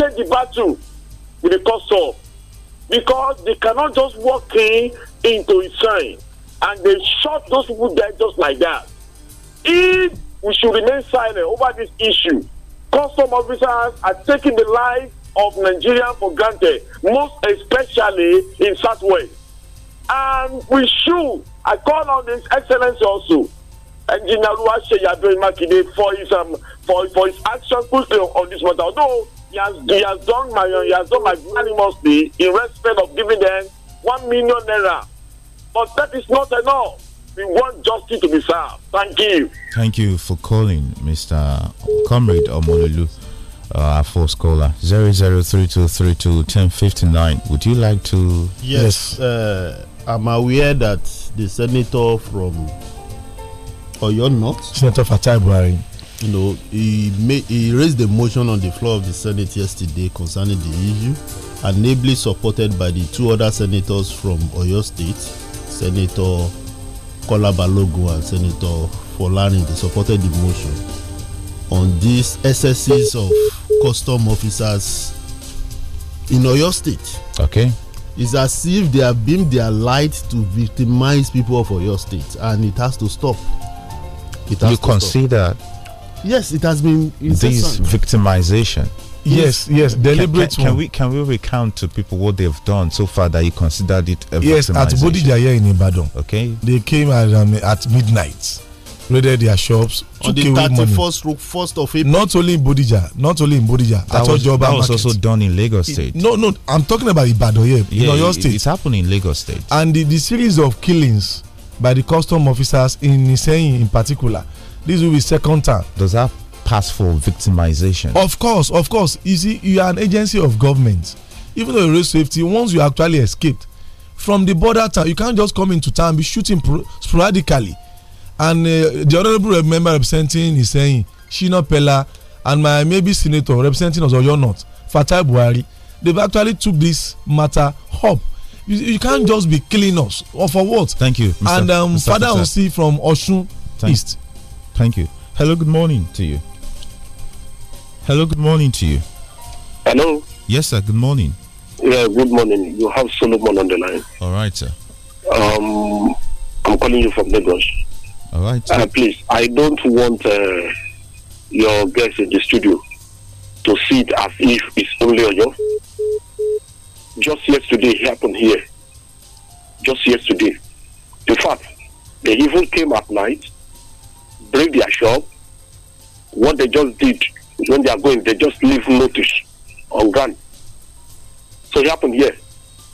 take the battle with the custom because they cannot just walk in into a sign and they shot those people dead just like that. If we should remain silent over this issue, custom officers are taking the life of Nigerians for granted, most especially in Southwest. And we should, I call on His Excellency also, Engineer Shey Adoy Makinde for his um, for for his action quickly on this matter. Although he has he has done my he has done magnanimously in respect of giving them one million naira, but that is not enough. We want justice to be served. Thank you. Thank you for calling, Mr. Comrade Omololu. Uh, our first caller zero zero three two three two ten fifty nine. would you like to yes, yes. Uh, i'm aware that the senator from Oyo North. Senator Fatai Buhari. You know, he, made, he raised a motion on the floor of the Senate yesterday concerning the issue, and ably supported by the two other senators from Oyo State, Senator Kola Balogun and Senator Folarin. They supported the motion on these excesses of custom officers in Oyo State. Okay. It's as if they have beamed their light to victimize people of Oyo State, and it has to stop you consider yes it has been this victimization yes yes deliberate can, can, can, we can we recount to people what they've done so far that you considered it yes at Bodija here in Ibadan okay they came at, um, at midnight raided their shops on the 31st 1st of April not only in Bodija not only in Bodija that was, that was also done in Lagos state it, no no I'm talking about Ibadan here yeah, in Oyo state it's happening in Lagos state and the, the series of killings by the custom officers in Niseyin in particular. This will be second time. Does that pass for victimization? Of course, of course. You see, you are an agency of government. Even though you raise safety, once you actually escaped from the border town, you can't just come into town and be shooting sporadically. And uh, the honorable member representing Niseyin, Shina Pella, and my maybe senator representing us or you're not, Fatai Buhari, they've actually took this matter up you, you can't just be killing us or for what. Thank you. Mr. And um, Mr. Father see from Oshun Thank, East. Thank you. Hello, good morning to you. Hello, good morning to you. Hello. Yes, sir. Good morning. Yeah, good morning. You have Solomon on the line. All right, sir. Um, I'm calling you from Lagos. All right. Sir. Uh, please, I don't want uh, your guests in the studio to see it as if it's only on you just yesterday happened here. Just yesterday. In fact, they even came at night, break their shop. What they just did when they are going, they just leave notice on gun. So it happened here.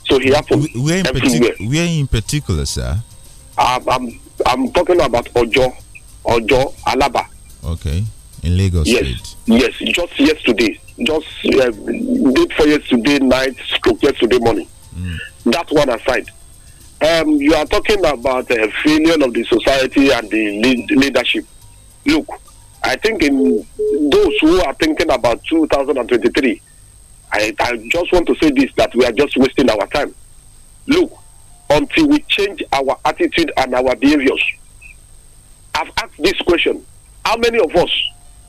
So it happened where in, partic- where in particular, sir? I'm, I'm, I'm talking about Ojo, Ojo, Alaba. Okay in Lagos. Yes, yes. Just yesterday, just uh, um, did for yesterday night, stroke yesterday morning. Mm. That one aside, um, you are talking about a failure of the society and the leadership. Look, I think in those who are thinking about 2023, I, I just want to say this that we are just wasting our time. Look, until we change our attitude and our behaviors. I've asked this question How many of us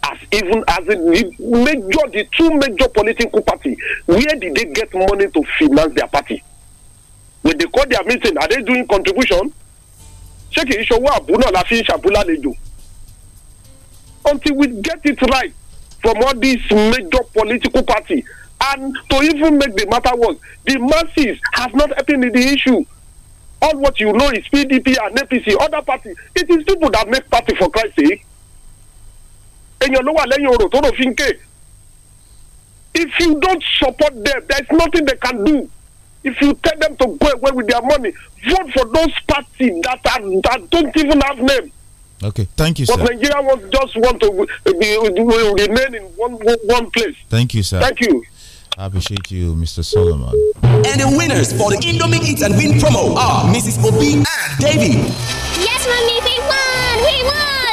as even as a major the two major political parties where did they get money to finance their party when they call their meeting are they doing contribution ṣé kì í àbú náà la fi ń ṣàbúlà until we get it right from all these major political parties and to even make the matter worse the masses have not helping in the issue all what you know is pdp and apc other party. it is people that make party for christ sake èèyàn ló wà lẹ́yìn tó rò fi ń ké if you don't support them there is nothing they can do if you tell them to go away with their money vote for those parties that are that don't even have name. Okay, thank you, but sir. But Nigeria wants, just want to uh, be, uh, remain in one, one place. Thank you, sir. Thank you. I appreciate you, Mr. Solomon. And the winners for the Indomie Eat and Win promo are Mrs. Obi and Davy. Yes, mommy, we won!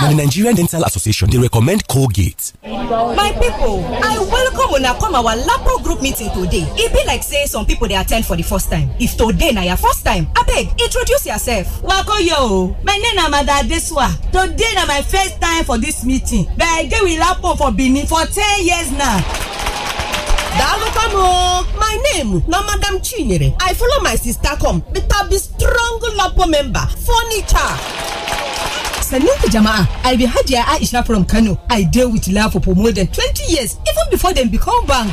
na the nigerian dental association They recommend colgate my people, i welcome una come our lapo group meeting today e be like say some people they attend for the first time if today na your first time abeg introduce yourself Wako yo, my name is mother adesuwa today na my first time for this meeting but i dey with lapo for benin for ten years now daalụkwanụ my name na madam chinyere i follow my sister come beta be strong lapo member furniture I've jama'a i be aisha from kano i deal with love for more than twenty years even before them become bank.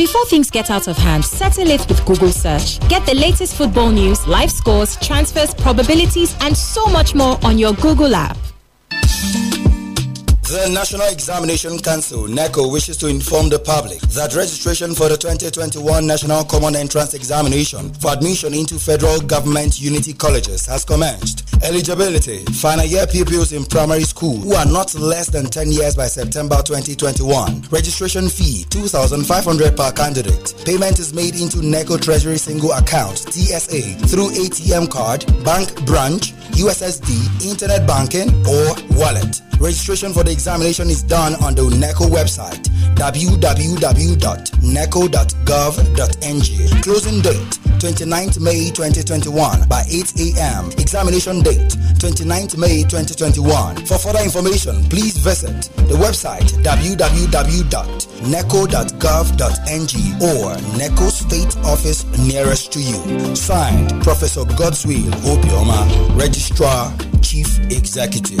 Before things get out of hand, settle it with Google search. Get the latest football news, live scores, transfers, probabilities, and so much more on your Google app. The National Examination Council, NECO, wishes to inform the public that registration for the 2021 National Common Entrance Examination for admission into federal government unity colleges has commenced. Eligibility. Final year pupils in primary school who are not less than 10 years by September 2021. Registration fee 2500 per candidate. Payment is made into NECO Treasury Single Account, TSA, through ATM card, bank branch, USSD, internet banking, or wallet. Registration for the examination is done on the NECO website www.neco.gov.ng. Closing date 29th May 2021 by 8 a.m. Examination date 29th May 2021. For further information, please visit the website www.neco.gov.ng or NECO State Office nearest to you. Signed, Professor Godswill Opioma, Registrar, Chief Executive.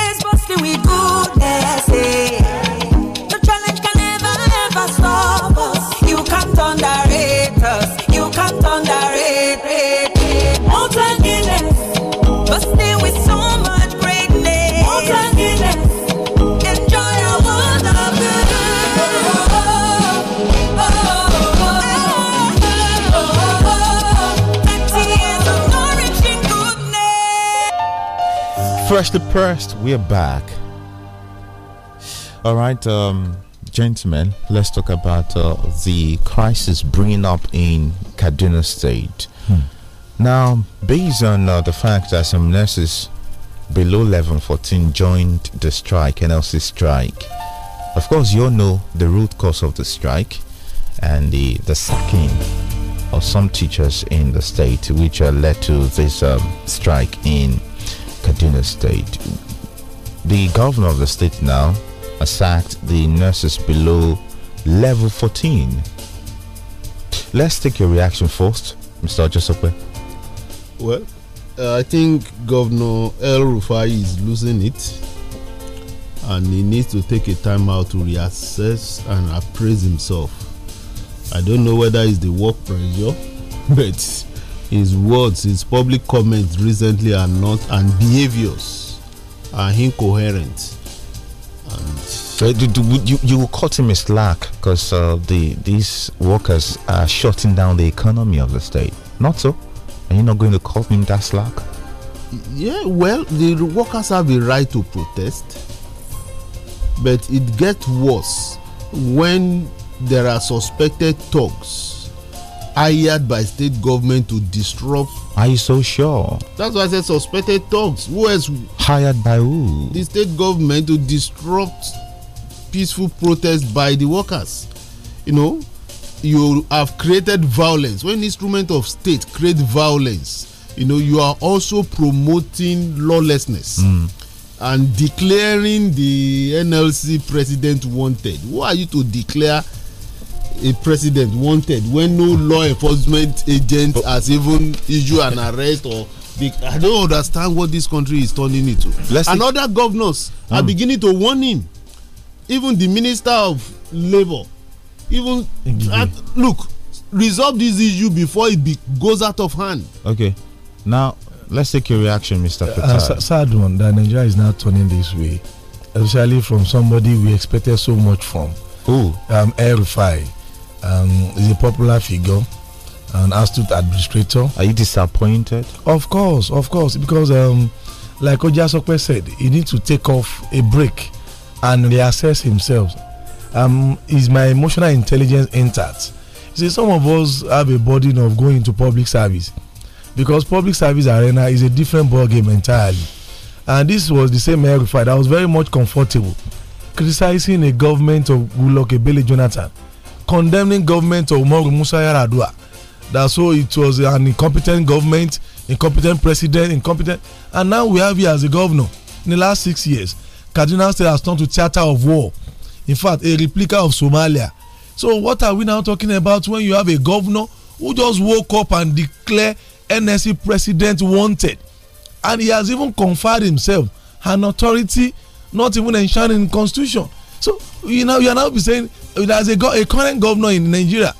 we with goodness. Eh? Fresh Depressed, we're back. All right, um, gentlemen, let's talk about uh, the crisis bringing up in Kaduna State. Hmm. Now, based on uh, the fact that some nurses below 1114 joined the strike, NLC strike, of course, you all know the root cause of the strike and the, the sacking of some teachers in the state, which uh, led to this um, strike in Kaduna State. The governor of the state now has sacked the nurses below level 14. Let's take your reaction first, Mr. Josepe. Well, uh, I think Governor El Rufai is losing it and he needs to take a time out to reassess and appraise himself. I don't know whether it's the work pressure, but his words, his public comments recently are not, and behaviors are incoherent. And you, you, will cut him a slack because uh, the these workers are shutting down the economy of the state. Not so. Are you not going to cut him that slack? Yeah, well, the workers have a right to protest, but it gets worse when there are suspected thugs hired by state government to disrupt. Are you so sure? That's why I said suspected thugs. Who else? Hired by who? The state government to disrupt peaceful protest by the workers. You know, you have created violence. When instrument of state create violence, you know you are also promoting lawlessness. Mm. And declaring the NLC president wanted. Who are you to declare a president wanted when no law enforcement agent has even issued an arrest or I don't understand what this country is turning into. and other governors mm. are hmm. beginning to warn him. Even the minister of labor, even look, resolve this issue before it be, goes out of hand. Okay, now let's take your reaction, Mr. Uh, uh, sad one that Nigeria is now turning this way, especially from somebody we expected so much from. Who? Um, El Rufai um, is a popular figure, an astute administrator. Are you disappointed? Of course, of course, because um, like Ojasope said, he needs to take off a break and reassess himself. Um, is my emotional intelligence intact? You see, some of us have a burden of going into public service because public service arena is a different ball game entirely. And this was the same air I was very much comfortable criticizing a government of Goodluck Ebele Jonathan condemning government of Umaru Musa Yaradua. That so it was an incompetent government, incompetent president, incompetent. And now we have here as a governor. In the last six years, Kaduna State has turned to theater of war. In fact, a replica of Somalia. So what are we now talking about when you have a governor who just woke up and declare NSC president wanted? And he has even conferred himself an authority not even enshrined in constitution so you know you are now be saying there's a, a current governor in Nigeria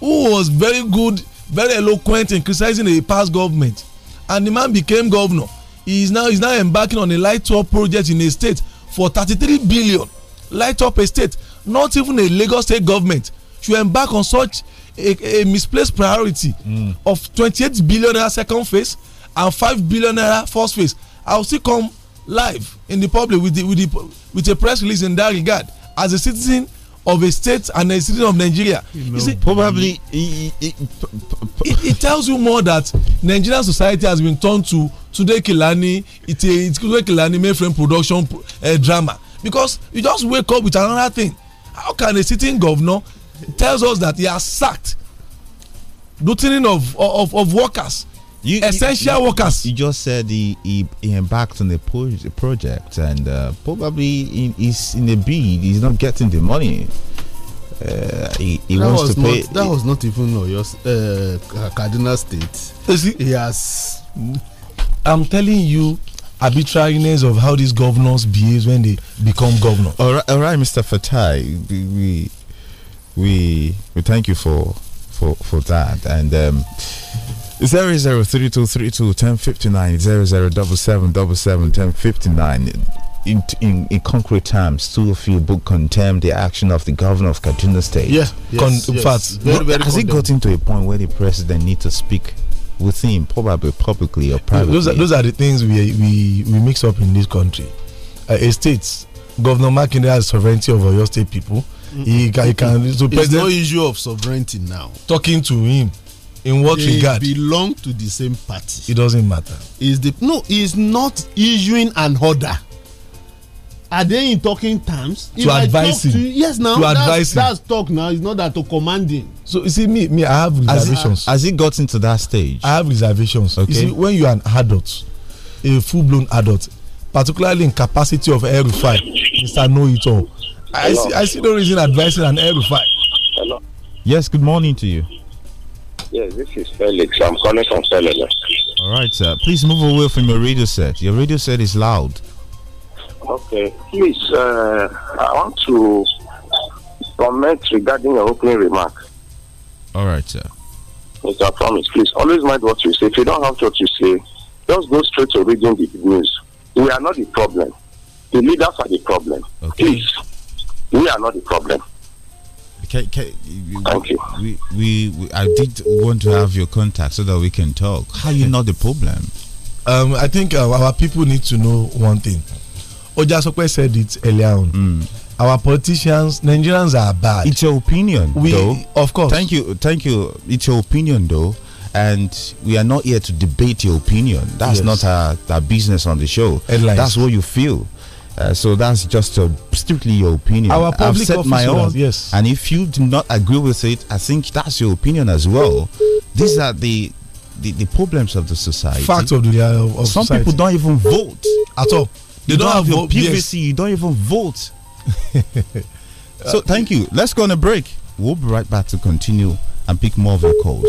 who was very good, very eloquent in criticizing the past government, and the man became governor. He is now is now embarking on a light up project in a state for 33 billion. Light up a state. Not even a Lagos state government should embark on such a, a misplaced priority mm. of 28 billion naira second phase and 5 billion naira first phase. I will still come live in the public with the, with the, with a press release in that regard as a citizen of a state and a citizen of Nigeria. You, know, probably it, it, tells you more that Nigerian society has been turned to Today Kilani, it's a it's Kilani mainframe production uh, drama because you just wake up with another thing. How can a sitting governor tells us that he has sacked lieutenant of, of of workers you, Essential you, workers. You just said he, he, he embarked on a project and uh, probably in, he's in a bid. He's not getting the money. Uh, he, he wants to pay. that was not even your uh, Cardinal State. Is he? I'm telling you, arbitrariness of how these governors behave when they become governor. All right, all right, Mr. Fatai, we we we thank you for for for that, and um, zero zero three two three two ten fifty nine zero zero double seven double seven ten fifty nine. In, in, in concrete terms, Tulofield book condemn the action of the governor of Kaduna State. Yeah, yes, Con yes. Fact, very, very has condemned. it gotten to a point where the president need to speak with him, probably publicly or privately? Those are, those are the things we, we, we mix up in this country. Uh, a state, Governor Makinde has sovereignty over your state people. Mm -hmm. He, can, he can so it's no issue of sovereignty now. Talking to him, in what they regard? belong to the same party. It doesn't matter. Is the no? Is not issuing an order. Are they in talking terms? To if advise him. To, yes, now. To that's, advise that's talk now. It's not that to commanding. So you see, me, me, I have reservations. As it, got into that stage? I have reservations. Okay. You see, when you are an adult, a full-blown adult, particularly in capacity of air refine, Mr. Know It All, I see, I see no reason advising an air refine. Yes. Good morning to you. Yes, this is Felix. I'm calling from Felix. All right, sir. Please move away from your radio set. Your radio set is loud. Okay. Please, uh, I want to comment regarding your opening remark. All right, sir. Mr. Promise, please always mind what you say. If you don't have what you say, just go straight to reading the news. We are not the problem. The leaders are the problem. Okay. Please, we are not the problem. Can, can, Thank you. We, we, we, I did want to have your contact so that we can talk. How you know the problem? Um, I think uh, our people need to know one thing. Ojasope said it earlier on. Mm our politicians nigerians are bad. it's your opinion we, though of course thank you thank you it's your opinion though and we are not here to debate your opinion that's yes. not our, our business on the show Headlines. that's what you feel uh, so that's just strictly your opinion. Our public I've said my own, yes. And if you do not agree with it, I think that's your opinion as well. These are the the, the problems of the society. Facts of the uh, of some society. people don't even vote at all. They you don't, don't have your PVC. Yes. You don't even vote. so uh, thank you. Let's go on a break. We'll be right back to continue and pick more of your calls.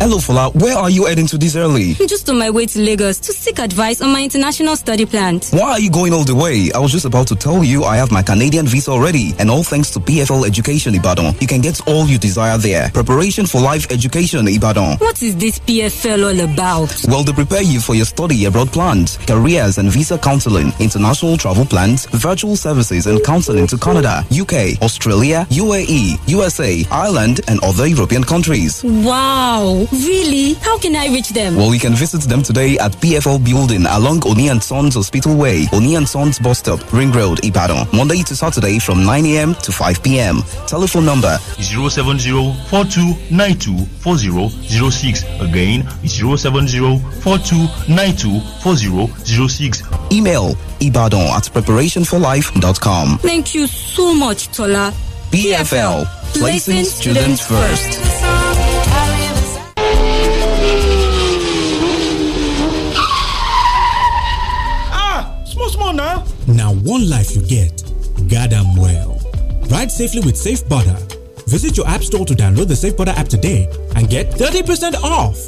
Hello, Fola. Where are you heading to this early? I'm just on my way to Lagos to seek advice on my international study plan. Why are you going all the way? I was just about to tell you I have my Canadian visa already, and all thanks to PFL Education Ibadan. You can get all you desire there. Preparation for life education Ibadan. What is this PFL all about? Well, they prepare you for your study abroad plans, careers and visa counseling, international travel plans, virtual services and counseling to Canada, UK, Australia, UAE, USA, Ireland, and other European countries. Wow! Really? How can I reach them? Well, you can visit them today at PFL Building along Oni and Sons Hospital Way, Oni and Sons Bus Stop, Ring Road, Ibadan. Monday to Saturday from 9 a.m. to 5 p.m. Telephone number 070-4292-4006. Again, 070-4292-4006. Email ibadan at preparationforlife.com. Thank you so much, Tola. BFL, placing students first. Now, one life you get, goddamn well. Ride safely with Safe Butter. Visit your app store to download the Safe Butter app today and get 30% off.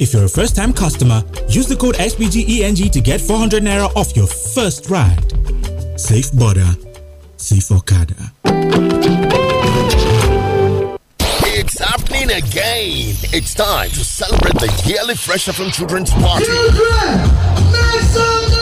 If you're a first time customer, use the code SBGENG to get 400 Naira off your first ride. Safe Butter, Safe Okada. It's happening again. It's time to celebrate the yearly Fresh from Children's Party. Children, make some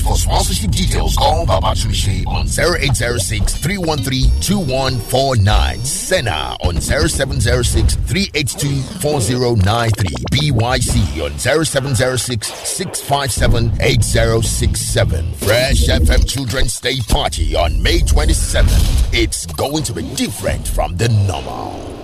for sponsorship details. Call Baba on 0806 313 Senna on 0706 BYC on 0706 657 Fresh FM Children's Day Party on May 27th. It's going to be different from the normal.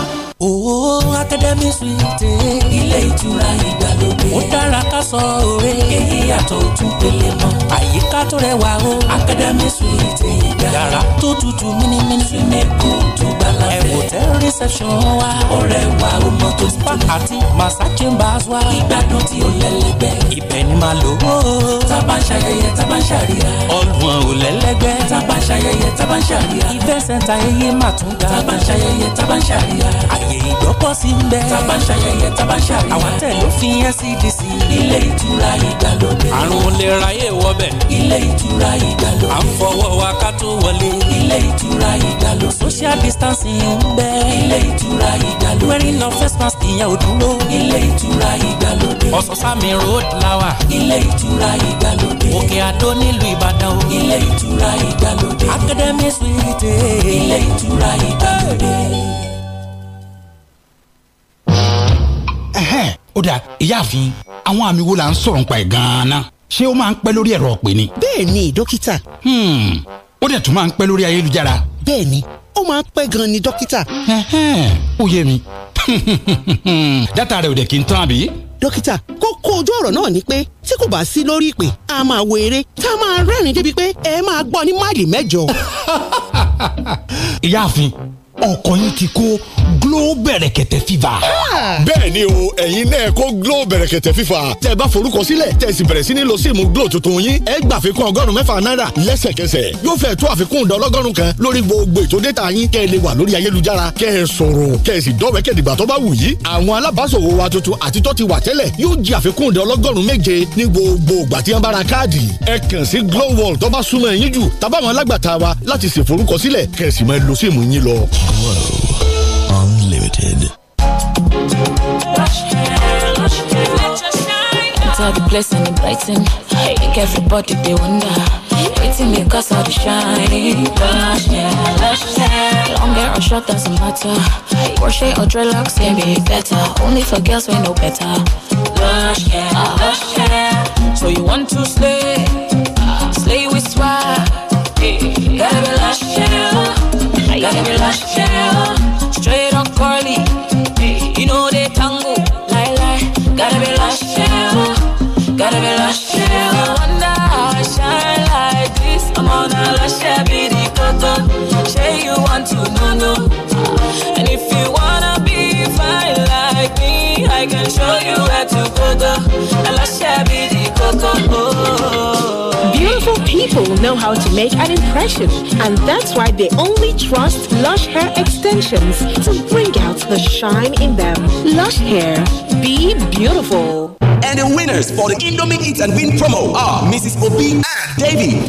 Oh, Academy Suite. Ilé ìtura ìgbàlódé. Ó dára ká sọ òwe. Èyí yàtọ̀ ojú pele mọ́. Àyíká tó rẹwà o. Academy Suite ìgbà. Yàrá tó tutù mímímí. Swimming pool tó gbàlá fẹ́. Ẹ̀wò tẹ́ reception wa. Ọ̀rẹ́ wa ó mọ tó ti tó. Spa àti Massa Chambers wa. Ìgbádùn tí ó lẹ́lẹ́gbẹ́. Ibẹ̀ ni màá lò ó. Tábà ń ṣayẹyẹ, tábà ń ṣàríyá. Ọ̀gbun ò lẹ́lẹ́gbẹ́. Tábà ń ṣayẹyẹ, tábà ń ṣàríyá. Ìfẹ́ sẹ́ńtà eyé màtúndà. Tábà ń ṣayẹyẹ, tábà ń ṣàríyá ààyè ìgbọ́pọ̀ sí ń bẹ́ẹ̀. tábà ń ṣayẹyẹ tábà ń ṣàríyá. àwọn tẹ̀ ló fi NCDC. ilé ìtura ìgbàlódé. àrùn lè ráyè wọbẹ̀. ilé ìtura ìgbàlódé. à tó wọlé. ilé ìtura ìgbàlódé. social distancing ń bẹ́ẹ̀. ilé ìtura ìgbàlódé. wearing of face mask ìyẹn ò dúró. ilé ìtura ìgbàlódé. ọ̀sán-sámi road lawa. ilé ìtura ìgbàlódé. òkè àdó nílùú ìbàdàn o. ilé ìtura ìgbàlódé. academy suite. ilé ìtura ìgbàlódé. ó dà ìyáàfin àwọn àmì wo la ń sọ̀rọ̀ nípa ẹ̀ gan-an ṣé ó máa ń pẹ́ lórí ẹ̀rọ ọ̀pẹ ni. bẹ́ẹ̀ni dókítà. Hmm, ó dẹ̀ tún máa ń pẹ́ lórí ayélujára. bẹ́ẹ̀ni ó máa ń pẹ́ gan-an ni dókítà. ó yé mi dátà rẹ̀ ò dẹ̀ kí n tán àbí. dókítà kókó ojú ọ̀rọ̀ náà ni pé tí kò bá sí lórí ìpè a máa wo eré tá a máa rẹ́rìn-ín débi pé ẹ máa gbọ́ ní máìlì mẹ́jọ. ìyáàfin ọkọ yín ti kó Glow bẹ̀rẹ̀kẹ̀tẹ̀ fever. Ah! bẹ́ẹ̀ni o ẹ̀yin náà kó Glow bẹ̀rẹ̀kẹ̀tẹ̀ fever. tẹ́ bá forúkọ sílẹ̀ tẹ́ sì bẹ̀rẹ̀ sí ní lo síìmù Glow tuntun yín ẹ gbà àfikún ọgọ́rùn mẹ́fà náírà lẹ́sẹ̀kẹsẹ̀ yóò fẹ́ tó àfikún ìdá ọlọ́gọ́rùn kan lórí gbogbo ètò déta yín kẹ́ ẹ lè wà lórí ayélujára kẹ́ ẹ sọ̀rọ̀ kẹ́ ẹ sì dọ́wẹ́kẹ̀ dìgbà tó bá wù yí. àwọn alábàáṣòwò wa tuntun àti tó ti wà tẹ́lẹ̀ yóò jẹ àfikún ìdá ọlọ́gọ́rùn méje ní gbogbo ìgbà tí wọ́n bá Grow Unlimited. It's all the blessing and blessing. Make everybody they wonder. Waiting me cause all the shine. Lush hair, lush hair. Long hair or short doesn't matter. Crochet or dreadlocks can be better. Only for girls we know better. Lush hair, lush hair. So you want to slay? Slay with swag. Gotta be lush hair got me get lush, yeah. Straight on Carly. know how to make an impression, and that's why they only trust Lush Hair Extensions to bring out the shine in them. Lush Hair, be beautiful. And the winners for the Indomie Eat and Win promo are Mrs. Obi and Davy.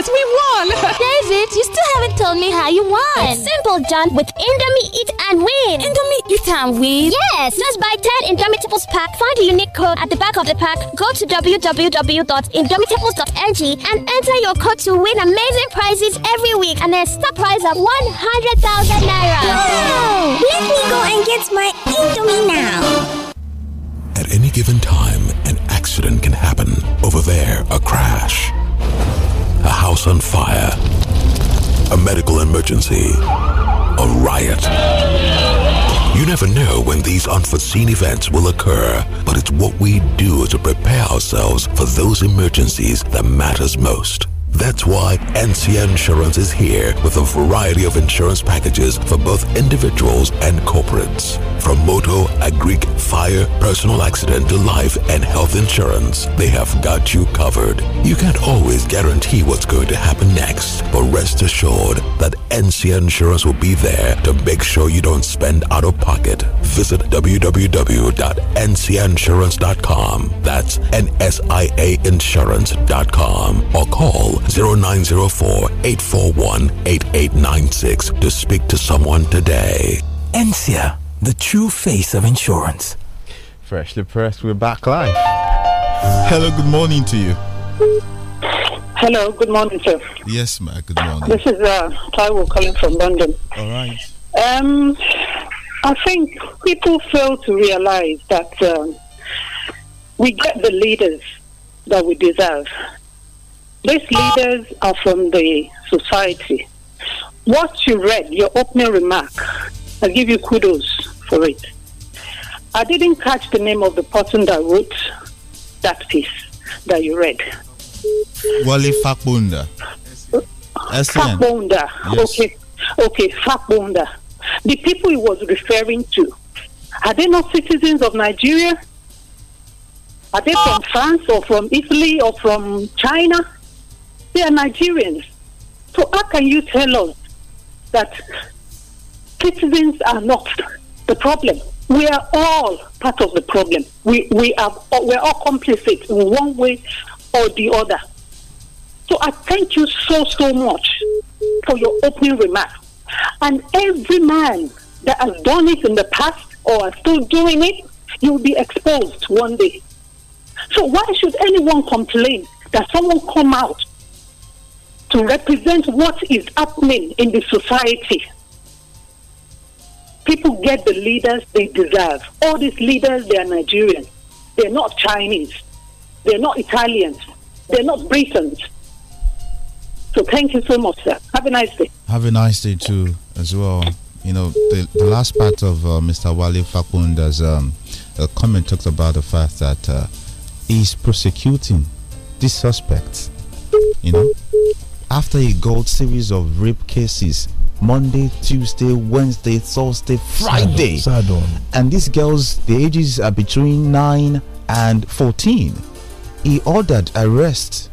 Yes, we won! David, you still haven't told me how you won. It's simple, John. With Indomie Eat and Win. Indomie Eat and Win? Yes! Just buy 10 Indomitables pack, find a unique code at the back of the pack, go to www.indomitables.ng and enter your code to win amazing prizes every week and a stock prize of 100,000 Naira. Wow! Let me go and get my Indomie now. At any given time, an accident can happen. Over there, a crash a house on fire, a medical emergency, a riot. You never know when these unforeseen events will occur, but it's what we do to prepare ourselves for those emergencies that matters most. That's why NCN Insurance is here with a variety of insurance packages for both individuals and corporates. From motor, agri, fire, personal accident to life and health insurance, they have got you covered. You can't always guarantee what's going to happen next, but rest assured that NCN Insurance will be there to make sure you don't spend out of pocket. Visit www.ncinsurance.com. That's N-S-I-A insurance.com or call 0904 841 8896 to speak to someone today. NCIA, the true face of insurance. Freshly pressed, we're back live. Hello, good morning to you. Hello, good morning, sir. Yes, ma. Good morning. This is uh, calling from London. All right. Um, I think people fail to realize that um, we get the leaders that we deserve, these leaders are from the society. What you read, your opening remark, I give you kudos for it. I didn't catch the name of the person that wrote that piece that you read. Wally Fakbunda. Fakbunda. Yes. Okay. Okay, Fakbunda. The people he was referring to, are they not citizens of Nigeria? Are they from France or from Italy or from China? They are Nigerians. So how can you tell us that citizens are not the problem? We are all part of the problem. We we are we're all complicit in one way or the other. So I thank you so so much for your opening remarks. And every man that has done it in the past or are still doing it, you'll be exposed one day. So why should anyone complain that someone come out to represent what is happening in the society. People get the leaders they deserve. All these leaders, they are Nigerians. They're not Chinese. They're not Italians. They're not Britons. So thank you so much, sir. Have a nice day. Have a nice day too, as well. You know, the, the last part of uh, Mr. Wale Fakunda's um, uh, comment talked about the fact that uh, he's prosecuting these suspects. You know, after a gold series of rape cases Monday, Tuesday, Wednesday, Thursday, Friday. Sad on, sad on. And these girls, the ages are between 9 and 14. He ordered arrest,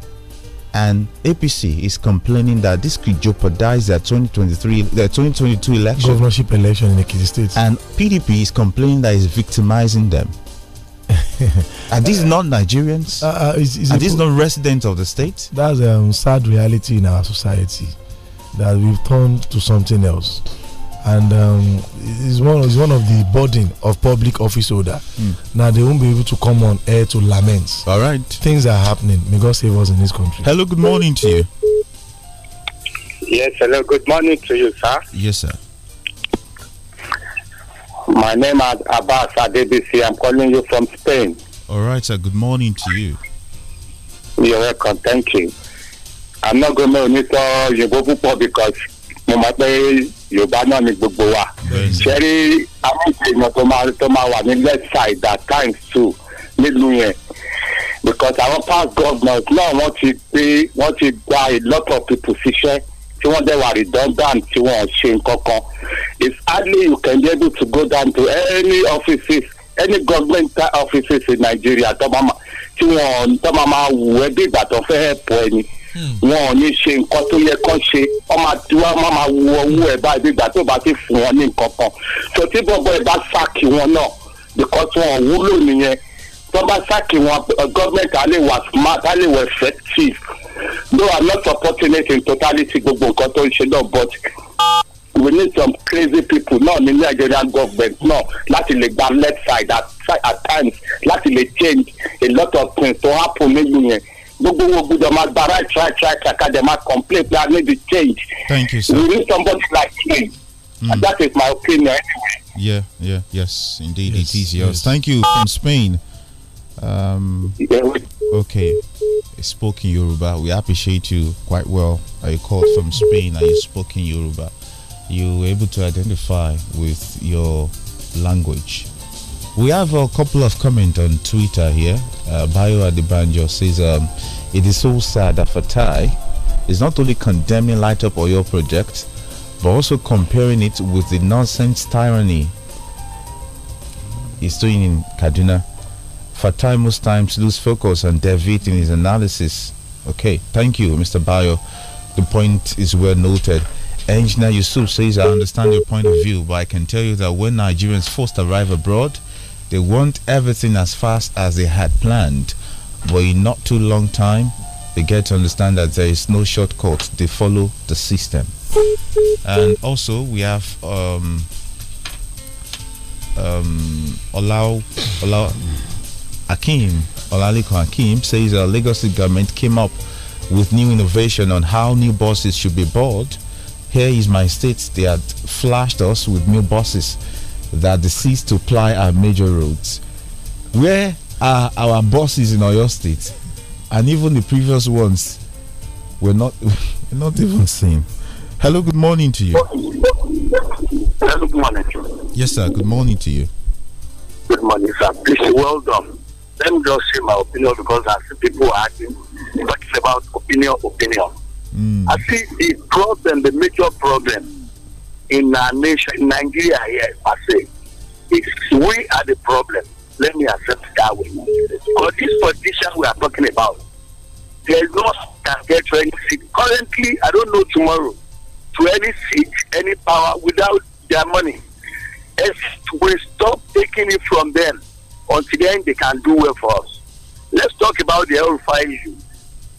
and APC is complaining that this could jeopardize their 2023, their 2022 election, governorship election in Ekiti State. And PDP is complaining that it's victimizing them. Are these not Nigerians? Uh, uh, is, is Are these not residents of the state? That's a um, sad reality in our society that we've turned to something else. And um, it's, one, it's one of the burden of public office holder. Mm. Now they won't be able to come on air to lament. All right. Things are happening. May God save us in this country. Hello, good morning to you. Yes, hello, good morning to you, sir. Yes, sir. My name is Abbas Adebisi. I'm calling you from Spain. All right, sir. Good morning to you. You're welcome. Thank you. I'm not going to onítọ́ Yorùbá púpọ̀ because mo mọ̀ pé Yorùbá náà ni gbogbo wa. Ṣé rí àwọn èèyàn tó máa tó máa wà ní left side at times too nílùú yẹn because àwọn past governors náà wọ́n ti gbé wọ́n ti gba a lot of people ṣiṣẹ́. tí wọ́n dẹ̀ wà redundant tí wọ́n ṣe nǹkan kan it's hardly you can be able to go down to any offices any government offices in Nigeria tó máa tí wọ́n tó máa máa wù ẹ́ bí ìgbà tó fẹ́ help ẹni hmm. wọn ò ní ṣe nǹkan tó yẹ kán ṣe wọn máa tí wọn máa máa wọ owó ẹ báyìí bí ìgbà tó bá ti fún wọn ní nǹkan kan tó tí bọ́bọ́ ẹ bá sáàkì wọn náà because wọn ò wúlò nìyẹn tó bá sáàkì wọn gọ́ọ̀mẹ̀ntì á lè wà smart á lè wà effective no i'm not supporting it in totality gbogbo nǹkan tó ń ṣe náà but we need some crazy people náà ní nigerian government náà láti lè gba left side at, at times láti lè change a lot of things to happen nílùú yẹn gbogbo wo gbọdọ ma gba right right right kaka dem ma complain say i need to change thank you sir we need somebody like him mm. and that is my opinion anyway. yeah yeah yes indeed yes, it is yours yes. thank you from spain. Um, okay, spoke in Yoruba. We appreciate you quite well. You called from Spain and you spoke in Yoruba. You were able to identify with your language. We have a couple of comments on Twitter here. Uh, the Banjo says, um, It is so sad that Fatai is not only condemning Light Up Oil project, but also comparing it with the nonsense tyranny he's doing in Kaduna for time, most times lose focus and deviate in his analysis. Okay, thank you, Mr. Bayo. The point is well noted. Engineer Yusuf says, I understand your point of view, but I can tell you that when Nigerians first arrive abroad, they want everything as fast as they had planned. But in not too long time, they get to understand that there is no shortcut. They follow the system. And also, we have um, um, allow allow Akim, Olaliko Akim, says the Lagos government came up with new innovation on how new buses should be bought. Here is my state, they had flashed us with new buses that ceased to ply our major roads. Where are our buses in Oyo State? And even the previous ones were not, were not even seen. Hello, good morning to you. Hello, good morning. Yes, sir, good morning to you. Good morning, sir. Please, well done let me just say my opinion because I see people are but it's about opinion, opinion. Mm. I see the problem, the major problem in our nation, in Nigeria here, I say, is we are the problem. Let me accept that way. Because this politician we are talking about, there is no can get to any seat. Currently, I don't know tomorrow, to any seat, any power without their money. If we stop taking it from them, until then they can do well for us. Let's talk about the five issue.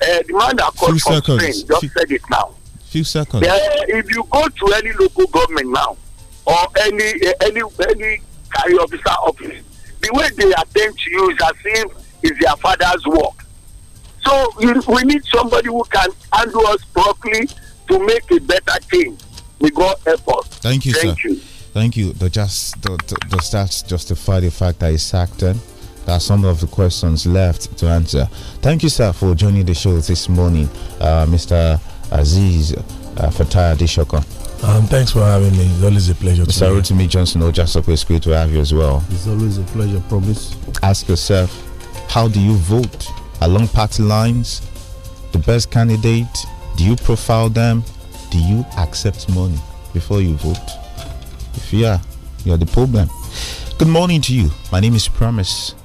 Uh, the man that called for Spain just few, said it now. Few seconds. if you go to any local government now or any uh, any any carry officer office, the way they attempt to use as if it's their father's work. So we need somebody who can handle us properly to make a better thing. We got help Thank you, Thank sir. You. Thank you. The just the, the, the stats justify the fact that he sacked him. Eh? There are some of the questions left to answer. Thank you, sir, for joining the show this morning, uh, Mr. Aziz uh, Fatah Adishoko. Um, thanks for having me. It's always a pleasure. Mr. Rotimi Johnson, oh, just it's great to have you as well. It's always a pleasure, promise. Ask yourself, how do you vote along party lines? The best candidate? Do you profile them? Do you accept money before you vote? If you are, you are the problem. Good morning to you. My name is Promise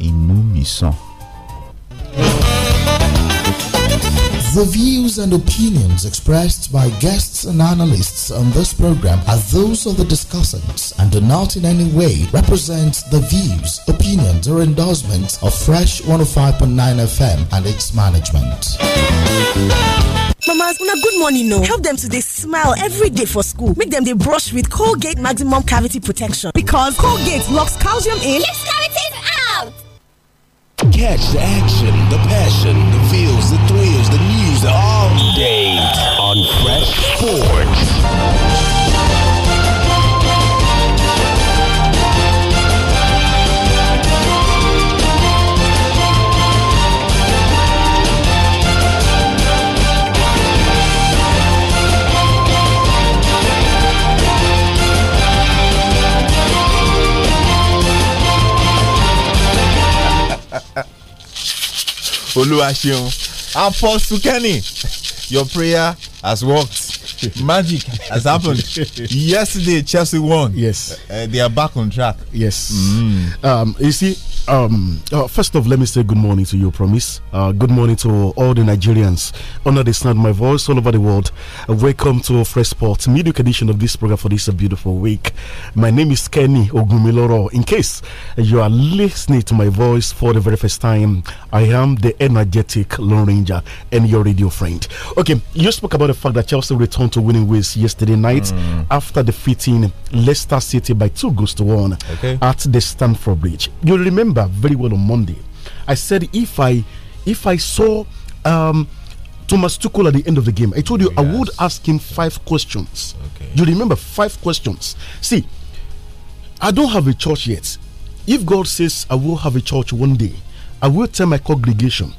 Inumison. The views and opinions expressed by guests and analysts on this program are those of the discussants and do not in any way represent the views, opinions, or endorsements of Fresh 105.9 FM and its management. Mamas, una good morning no. Help them to they smile every day for school. Make them they brush with Colgate Maximum Cavity Protection because Colgate locks calcium in. Keeps cavities out. Catch the action, the passion, the feels, the thrills, the news all day on Fresh Sports. Oluwaseun Apostle Kenny your prayer has worked magic has happened yesterday Chelsea won yes uh, they are back on track yes mm. um, you see um, uh, first off, let me say good morning to you, Promise. Uh, good morning to all the Nigerians under the sound my voice all over the world. Uh, welcome to Fresh Sports, media edition of this program for this uh, beautiful week. My name is Kenny Ogumiloro. In case you are listening to my voice for the very first time, I am the energetic Lone Ranger and your radio friend. Okay, you spoke about the fact that Chelsea returned to winning ways yesterday night mm. after defeating Leicester City by two goals to one okay. at the Stamford Bridge. You remember remember very well on Monday, I said if I if I saw um, Thomas Tuchel at the end of the game, I told you oh, yes. I would ask him five questions. Okay. You remember five questions? See, I don't have a church yet. If God says I will have a church one day, I will tell my congregation,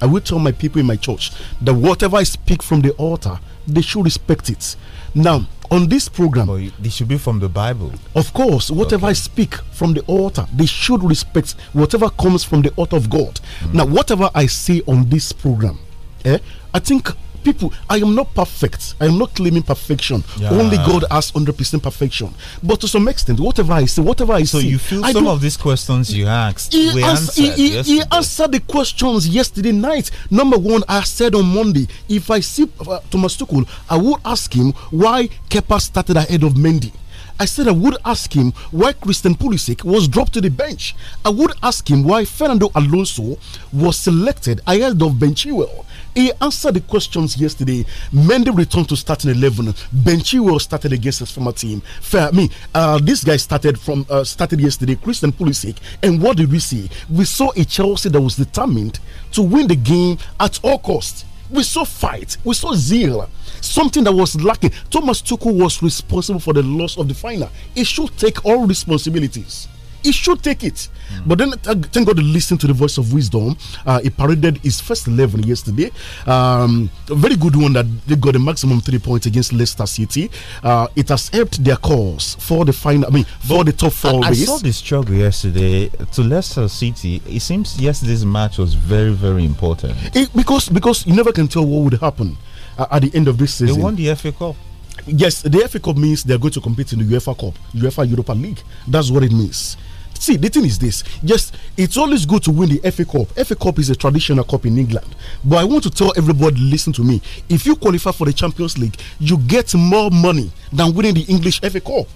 I will tell my people in my church that whatever I speak from the altar, they should respect it. Now, on this program, but they should be from the Bible. Of course, whatever okay. I speak from the altar, they should respect whatever comes from the altar of God. Mm. Now, whatever I say on this program, eh, I think people, I am not perfect. I am not claiming perfection. Yeah. Only God has 100% perfection. But to some extent, whatever I see, whatever I so So you feel I some of these questions you asked, he, ans answered he, he, he, answered the questions yesterday night. Number one, I said on Monday, if I see uh, Thomas Tuchel, I would ask him why Kepa started ahead of Mendy. I said I would ask him why Christian Pulisic was dropped to the bench. I would ask him why Fernando Alonso was selected ahead of Ben Chilwell. He answered the questions yesterday. Mendy returned to starting 11. Benchiwo started against his former team. Fair, me, uh, this guy started from uh, started yesterday, Christian Pulisic. And what did we see? We saw a Chelsea that was determined to win the game at all costs. We saw fight, we saw zeal something that was lacking. Thomas Tuchel was responsible for the loss of the final. He should take all responsibilities he should take it. Mm. But then, uh, thank God, listen to the voice of wisdom. Uh, he paraded his first 11 yesterday. Um, a very good one that they got a maximum three points against Leicester City. Uh, it has helped their cause for the final, I mean, for but the top four. I, I saw the struggle yesterday to Leicester City. It seems yesterday's match was very, very important. It, because, because you never can tell what would happen uh, at the end of this season. They won the FA Cup. Yes, the FA Cup means they're going to compete in the UEFA Cup, UEFA Europa League. That's what it means see the thing is this yes it's always good to win the FA Cup FA Cup is a traditional cup in England but I want to tell everybody listen to me if you qualify for the Champions League you get more money than winning the English FA Cup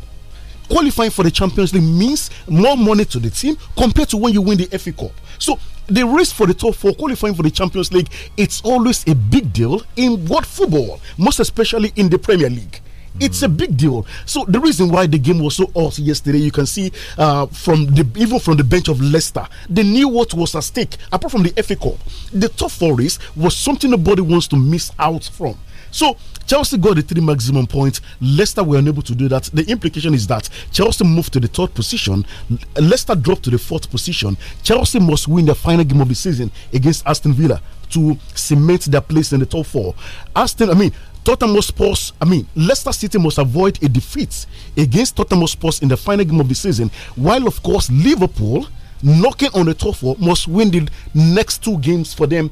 qualifying for the Champions League means more money to the team compared to when you win the FA Cup. So the race for the top four, qualifying for the Champions League, it's always a big deal in what football, most especially in the Premier League. It's a big deal. So the reason why the game was so hot yesterday, you can see uh, from the even from the bench of Leicester, they knew what was at stake. Apart from the FA Cup, the top four race was something nobody wants to miss out from. So Chelsea got the three maximum points. Leicester were unable to do that. The implication is that Chelsea moved to the third position. Leicester dropped to the fourth position. Chelsea must win the final game of the season against Aston Villa to cement their place in the top four. Aston, I mean, Tottenham Sports, I mean, Leicester City must avoid a defeat against Tottenham Sports in the final game of the season, while, of course, Liverpool knocking on the top four must win the next two games for them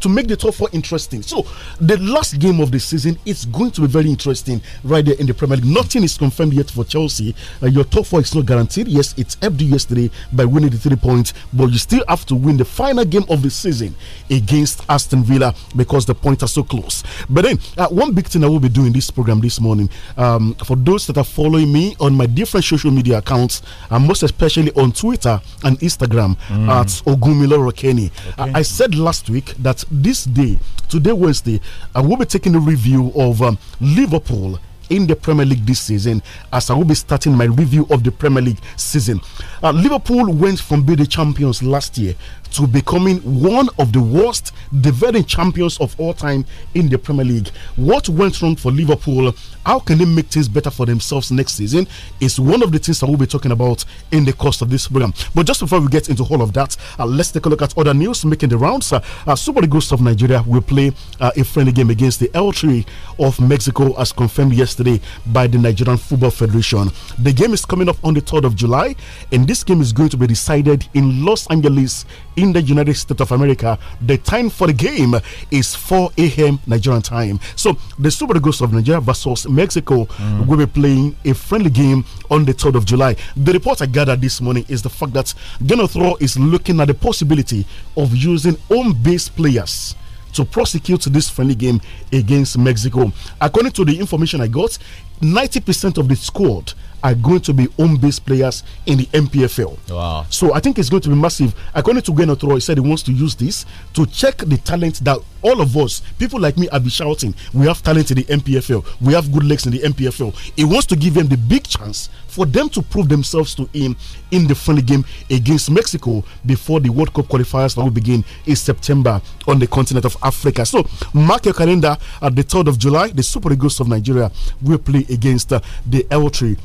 to make the top four interesting. So the last game of the season is going to be very interesting right there in the Premier League. Nothing is confirmed yet for Chelsea. Uh, your top four is not guaranteed. Yes, it's helped you yesterday by winning the three points, but you still have to win the final game of the season against Aston Villa because the points are so close. But then uh, one big thing I will be doing this program this morning um, for those that are following me on my different social media accounts, and uh, most especially on Twitter and Instagram mm. at Ogumilo Rokeni. Okay. I, I said last week that this day, today, Wednesday, I will be taking a review of um, Liverpool in the Premier League this season as I will be starting my review of the Premier League season. Uh, Liverpool went from being the champions last year to becoming one of the worst defending champions of all time in the Premier League. What went wrong for Liverpool? How can they make things better for themselves next season? Is one of the things that we'll be talking about in the course of this program. But just before we get into all of that, uh, let's take a look at other news making the rounds. Uh, uh, Super Eagles of Nigeria will play uh, a friendly game against the L3 of Mexico, as confirmed yesterday by the Nigerian Football Federation. The game is coming up on the 3rd of July, and this game is going to be decided in Los Angeles in the United States of America. The time for the game is 4 a.m. Nigerian time. So the Super Eagles of Nigeria versus Mexico mm. will be playing a friendly game on the 3rd of July. The report I gathered this morning is the fact that Genothro is looking at the possibility of using home based players to prosecute this friendly game against Mexico. According to the information I got, 90% of the squad are going to be home based players in the MPFL. Wow. So I think it's going to be massive. According to Gwyneth he said he wants to use this to check the talent that all of us, people like me, are be shouting. We have talent in the MPFL. We have good legs in the MPFL. He wants to give them the big chance for them to prove themselves to him in the friendly game against Mexico before the World Cup qualifiers that will begin in September on the continent of Africa. So mark your calendar at the 3rd of July. The Super Eagles of Nigeria will play against uh, the L3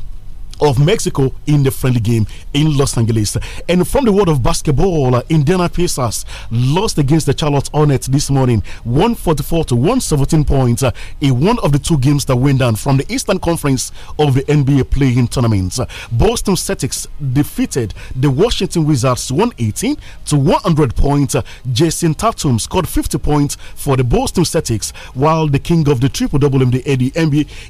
of Mexico in the friendly game in Los Angeles. And from the world of basketball, uh, Indiana Pacers lost against the Charlotte Hornets this morning, 144 to 117 points uh, in one of the two games that went down from the Eastern Conference of the NBA playing tournament. Boston Celtics defeated the Washington Wizards 118 to 100 points. Jason Tatum scored 50 points for the Boston Celtics, while the king of the triple double in the NBA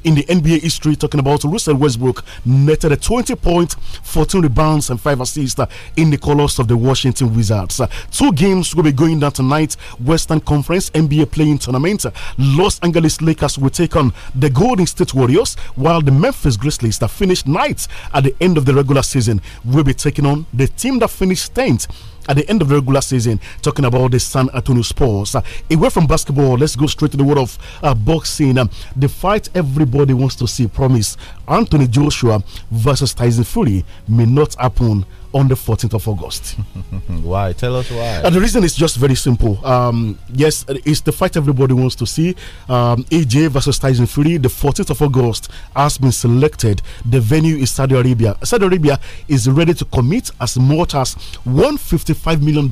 in the NBA history, talking about Russell Westbrook, net the a 20 points, 14 rebounds, and 5 assists uh, in the colors of the Washington Wizards. Uh, two games will be going down tonight Western Conference NBA playing tournament. Los Angeles Lakers will take on the Golden State Warriors, while the Memphis Grizzlies that finished ninth at the end of the regular season will be taking on the team that finished 10th at the end of the regular season. Talking about the San Antonio Spurs. Uh, away from basketball, let's go straight to the world of uh, boxing. Um, the fight everybody wants to see, promise Anthony Joshua versus Tyson Fury, may not happen on the 14th of August. why? Tell us why. And the reason is just very simple. Um, yes, it's the fight everybody wants to see. Um, AJ versus Tyson Fury, the 14th of August has been selected. The venue is Saudi Arabia. Saudi Arabia is ready to commit as much as $155 million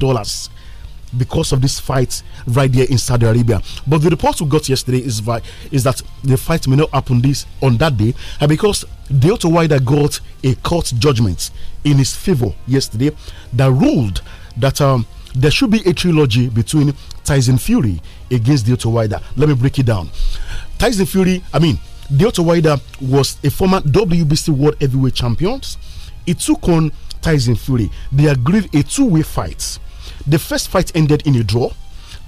because of this fight right there in Saudi Arabia. But the report we got yesterday is, is that the fight may not happen this on that day and uh, because Deoto Wider got a court judgment in his favor yesterday that ruled that um, there should be a trilogy between Tyson Fury against Deoto Wider. Let me break it down. Tyson Fury, I mean, Deoto Wider was a former WBC World Heavyweight Champion. He took on Tyson Fury. They agreed a two-way fight the first fight ended in a draw.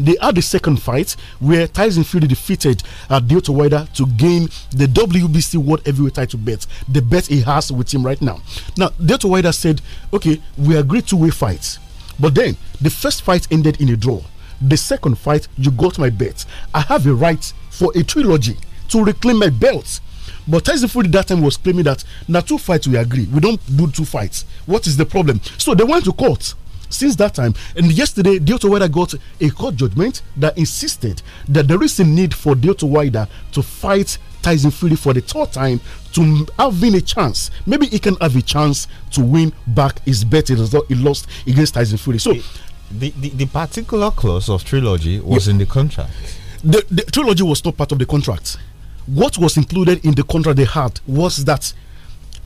They had the second fight where Tyson Fury defeated uh, Deontay Wilder to gain the WBC World Heavyweight title bet, the bet he has with him right now. Now, Deontay Wilder said, okay, we agreed 2 a fights. But then, the first fight ended in a draw. The second fight, you got my bet. I have a right for a trilogy to reclaim my belt. But Tyson Fury that time was claiming that now two fights we agree. We don't do two fights. What is the problem? So they went to court since that time. And yesterday, Dioto Wider got a court judgment that insisted that there is a need for Dioto Wider to fight Tyson Fury for the third time to having a chance. Maybe he can have a chance to win back his bet he lost against Tyson Fury. So, the, the, the particular clause of trilogy was yeah. in the contract. The, the trilogy was not part of the contract. What was included in the contract they had was that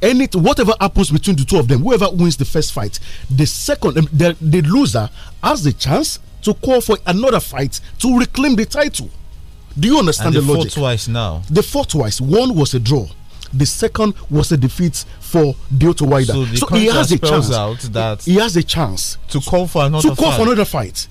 it, whatever happens between the two of them, whoever wins the first fight, the second, um, the, the loser has the chance to call for another fight to reclaim the title. Do you understand and the logic? They fought twice now. They fought twice. One was a draw. The second was a defeat for Deoto Wider. So, so he has a chance. Out that he has a chance to call for another. To call fight. for another fight.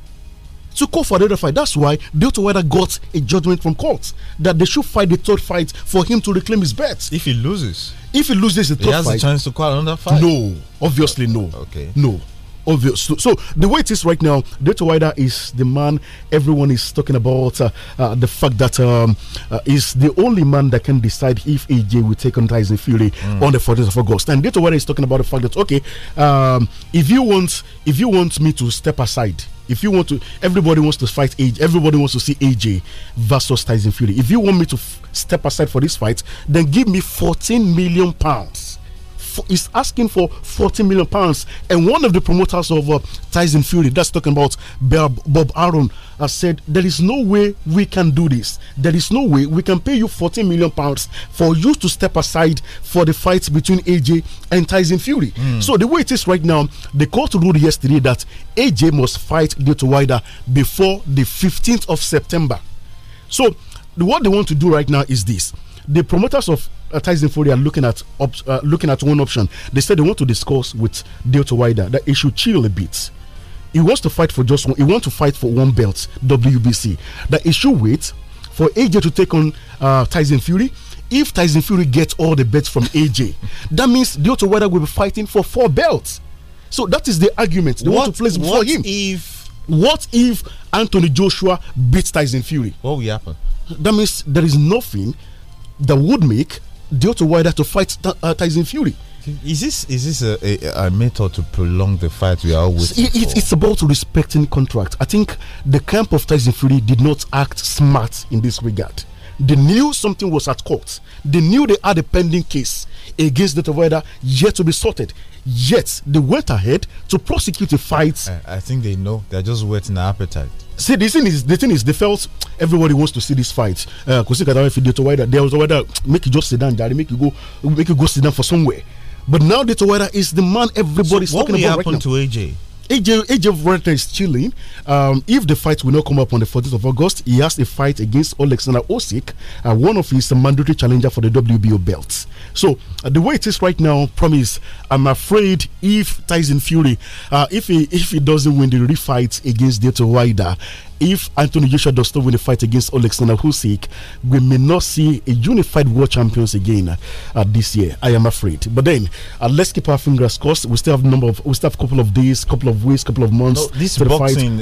To call for another fight. That's why Deoto Wider got a judgment from court that they should fight the third fight for him to reclaim his bet. If he loses if he loses the he has fight, a chance to call another fight. No, obviously no. Okay. No obvious. So, so, the way it is right now, Data Wider is the man everyone is talking about. Uh, uh, the fact that um, uh, is the only man that can decide if AJ will take on Tyson Fury mm. on the 14th of August. And Data Wider is talking about the fact that okay, um, if you want, if you want me to step aside. If you want to, everybody wants to fight AJ. Everybody wants to see AJ versus Tyson Fury. If you want me to step aside for this fight, then give me 14 million pounds is asking for 40 million pounds. And one of the promoters of uh, Tyson Fury, that's talking about Bob Aaron, has said there is no way we can do this. There is no way we can pay you 40 million pounds for you to step aside for the fight between AJ and Tyson Fury. Mm. So the way it is right now, the court ruled yesterday that AJ must fight Gato Wider before the 15th of September. So what they want to do right now is this: the promoters of uh, Tyson Fury are looking at uh, looking at one option. They said they want to discuss with Deontay Wilder that he should chill a bit. He wants to fight for just one. He wants to fight for one belt, WBC. That he should wait for AJ to take on uh, Tyson Fury. If Tyson Fury gets all the belts from AJ, that means Deontay Wilder will be fighting for four belts. So that is the argument they what, want to place before him. If what if Anthony Joshua beats Tyson Fury? What will happen? That means there is nothing that would make Deontay Wilder to fight uh, Tyson Fury. Is this is this a, a, a, method to prolong the fight we are always? It, it, it's about respecting contract. I think the camp of Tyson Fury did not act smart in this regard. They knew something was at court. They knew they had a pending case against the Tavada yet to be sorted. Yet they went ahead to prosecute the fight. I, I think they know they're just whetting their appetite. See, the thing is, the thing is, they felt everybody wants to see this fight. Because Uh, Kosi Katawe why that there was a that make you just sit down, Daddy, make you go, make you go sit down for somewhere. But now Deto Wada is the man everybody's so talking about right now. What to AJ? AJ, AJ Warrington is chilling. Um, if the fight will not come up on the 14th of August, he has a fight against Alexander Osik, uh, one of his mandatory challenger for the WBO belt. So uh, the way it is right now, promise. I'm afraid if Tyson Fury, uh, if he if he doesn't win the refight against Deto Wilder if Anthony Joshua does not win the fight against Oleksandr Husik, we may not see a unified world champions again uh, this year. I am afraid. But then, uh, let's keep our fingers crossed. We still have number of, we still have couple of days, couple of weeks, couple of months. No, this boxing,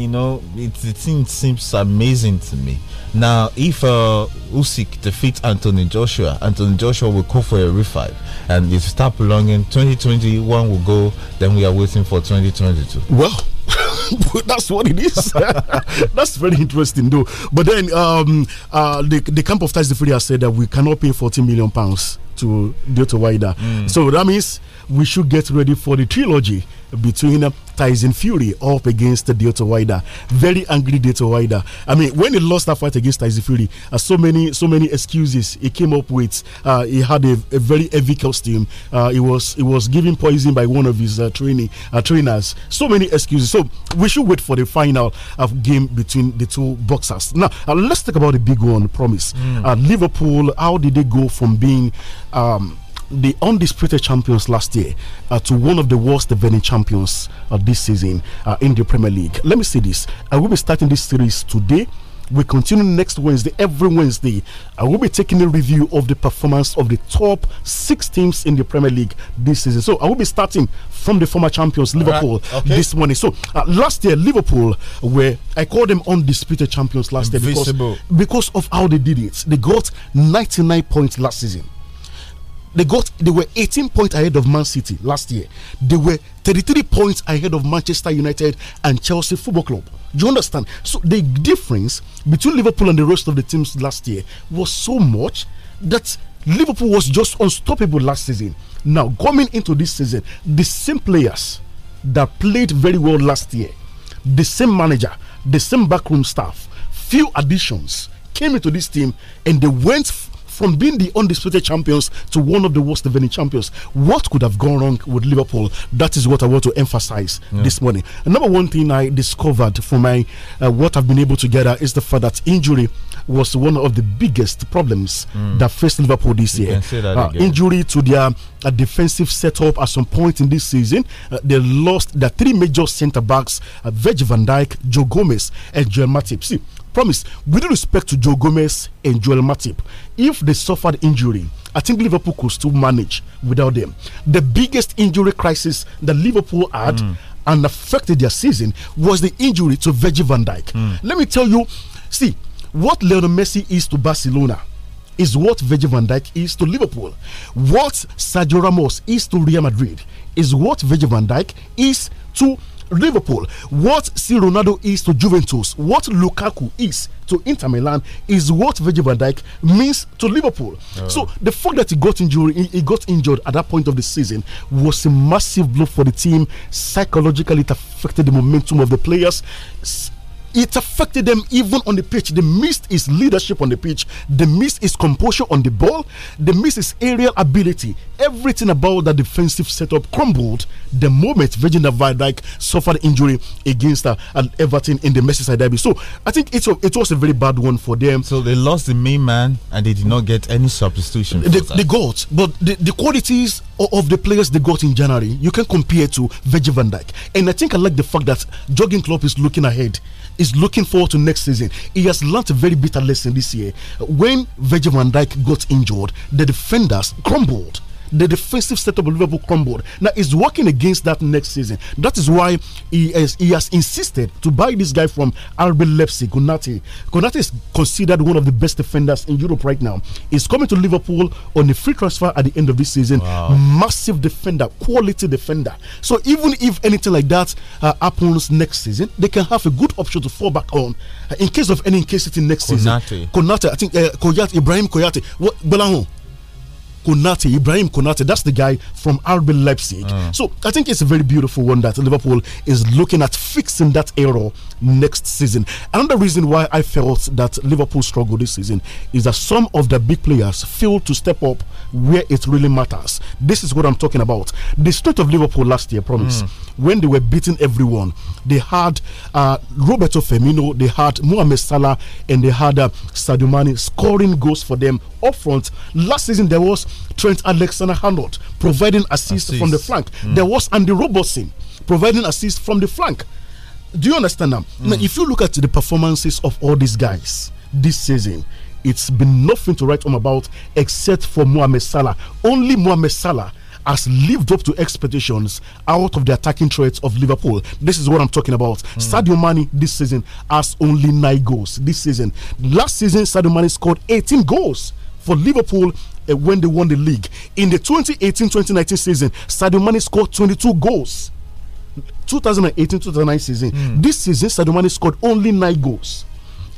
you know, it, it seems, seems, amazing to me. Now, if uh, Usyk defeats Anthony Joshua, Anthony Joshua will call for a refight, and it start prolonging. 2021 will go. Then we are waiting for 2022. Well. that's what it is. that's very interesting, though. But then um, uh, the, the camp of Tais has said that we cannot pay 40 million pounds to Dota Wider. Mm. So that means we should get ready for the trilogy between uh, Tyson Fury up against uh, Deontay Wilder. Very angry Deontay Wilder. I mean, when he lost that fight against Tyson Fury, uh, so many so many excuses he came up with. Uh, he had a, a, very heavy costume. Uh, he was he was given poison by one of his uh, uh trainers. So many excuses. So we should wait for the final of game between the two boxers. Now uh, let's talk about the big one. Promise. Mm. Liverpool. How did they go from being um, the undisputed champions last year uh, to one of the worst defending champions uh, this season uh, in the Premier League. Let me say this: I will be starting this series today. We continue next Wednesday, every Wednesday. I will be taking a review of the performance of the top six teams in the Premier League this season. So I will be starting from the former champions, Liverpool, right, okay. this morning. So uh, last year, Liverpool were, I call them undisputed champions last Invisible. year because, because of how they did it. They got 99 points last season they got they were 18 points ahead of Man City last year. They were 33 points ahead of Manchester United and Chelsea Football Club. Do you understand? So the difference between Liverpool and the rest of the teams last year was so much that Liverpool was just unstoppable last season. Now coming into this season, the same players that played very well last year, the same manager, the same backroom staff, few additions came into this team and they went from being the undisputed champions to one of the worst defending champions. What could have gone wrong with Liverpool? That is what I want to emphasize yeah. this morning. And number one thing I discovered from my uh, what I've been able to gather is the fact that injury was one of the biggest problems mm. that faced Liverpool this you year. Uh, injury to their uh, defensive setup at some point in this season. Uh, they lost their three major centre backs: uh, Virgil van Dijk, Joe Gomez, and Joel Matip. See, promise, with respect to Joe Gomez and Joel Matip, if they suffered injury, I think Liverpool could still manage without them. The biggest injury crisis that Liverpool had mm. and affected their season was the injury to Virgil van Dijk. Mm. Let me tell you, see, what Lionel Messi is to Barcelona is what Virgil van Dijk is to Liverpool. What Sergio Ramos is to Real Madrid is what Virgil van Dijk is to Liverpool. What C. Ronaldo is to Juventus, what Lukaku is to Inter Milan, is what Virgil van Dijk means to Liverpool. Oh. So the fact that he got injured, he got injured at that point of the season was a massive blow for the team. Psychologically, it affected the momentum of the players. It affected them even on the pitch. They missed his leadership on the pitch. They missed his composure on the ball. They missed his aerial ability. Everything about that defensive setup crumbled the moment Virginia van Dijk suffered injury against uh, and Everton in the Merseyside derby. So I think it's a, it was a very bad one for them. So they lost the main man and they did not get any substitution. They, they got, but the, the qualities of the players they got in January, you can compare to Virgil van Dijk. And I think I like the fact that Jogging Club is looking ahead, is looking forward to next season. He has learnt a very bitter lesson this year. When Virgil van Dijk got injured, the defenders crumbled the defensive setup of Liverpool crumbled. Now it's working against that next season. That is why he has, he has insisted to buy this guy from RB Leipzig, Konate. Konate is considered one of the best defenders in Europe right now. He's coming to Liverpool on a free transfer at the end of this season. Wow. Massive defender, quality defender. So even if anything like that uh, happens next season, they can have a good option to fall back on uh, in case of any incasity next Konate. season. Konate, I think uh, Koyate, Ibrahim Koyate, what Belahon. Konate, Ibrahim Konate. That's the guy from RB Leipzig. Mm. So I think it's a very beautiful one that Liverpool is looking at fixing that error next season. Another reason why I felt that Liverpool struggled this season is that some of the big players failed to step up where it really matters. This is what I'm talking about. The state of Liverpool last year, promise, mm. when they were beating everyone, they had uh, Roberto Firmino, they had Mohamed Salah, and they had uh, Sadio Mane scoring goals for them up front. Last season, there was Trent Alexander Arnold providing assist, assist, from the flank. Mm. There was Andy Robertson providing assist from the flank. Do you understand now? Mm. now? If you look at the performances of all these guys this season, it's been nothing to write home about except for Mohamed Salah. Only Mohamed Salah has lived up to expectations out of the attacking threats of Liverpool. This is what I'm talking about. Mm. Sadio Mane this season has only nine goals this season. Last season, Sadio Mane scored 18 goals for Liverpool when they won the league. In the 2018-2019 season, Sadio Mane scored 22 goals. 2018-2019 season. Mm. This season, Sadio Mane scored only nine goals.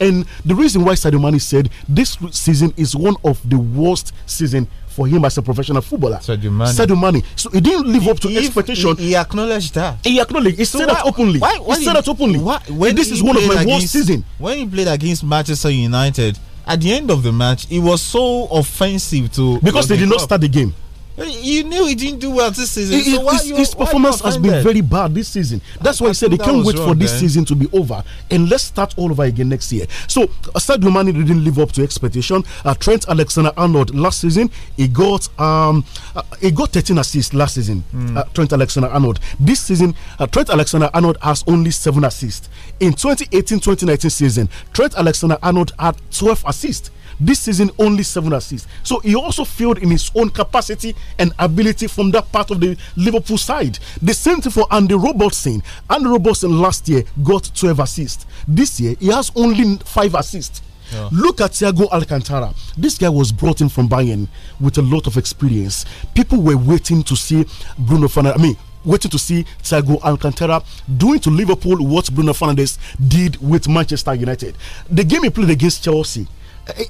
And the reason why Sadio Mane said this season is one of the worst season for him as a professional footballer. Sadio Mane. Sadio Mane. So he didn't live up to if expectation. He, acknowledged that. He acknowledged. He so said why, that openly. Why, why he said that openly. Why, when this is one of my worst season. When he played against Manchester United at the end of the match, it was so offensive to because they did not start the game. You knew he didn't do well this season. It, so his, you, his performance has been very bad this season. That's I, why I, he said he can't wait wrong, for this man. season to be over and let's start all over again next year. So, Sadio Mane didn't live up to expectation. Uh, Trent Alexander-Arnold last season he got um uh, he got 13 assists last season. Mm. Uh, hmm. Trent Alexander-Arnold this season uh, Trent Alexander-Arnold has only seven assists in 2018-2019 season. Trent Alexander-Arnold had 12 assists this season, only seven assists. So he also failed in his own capacity and ability from that part of the Liverpool side. The same thing for Andy Robertson. Andy Robertson last year got 12 assists. This year, he has only five assists. Yeah. Look at Thiago Alcantara. This guy was brought in from Bayern with a lot of experience. People were waiting to see Bruno Fernandes. I mean, waiting to see Thiago Alcantara doing to Liverpool what Bruno Fernandes did with Manchester United. The game he played against Chelsea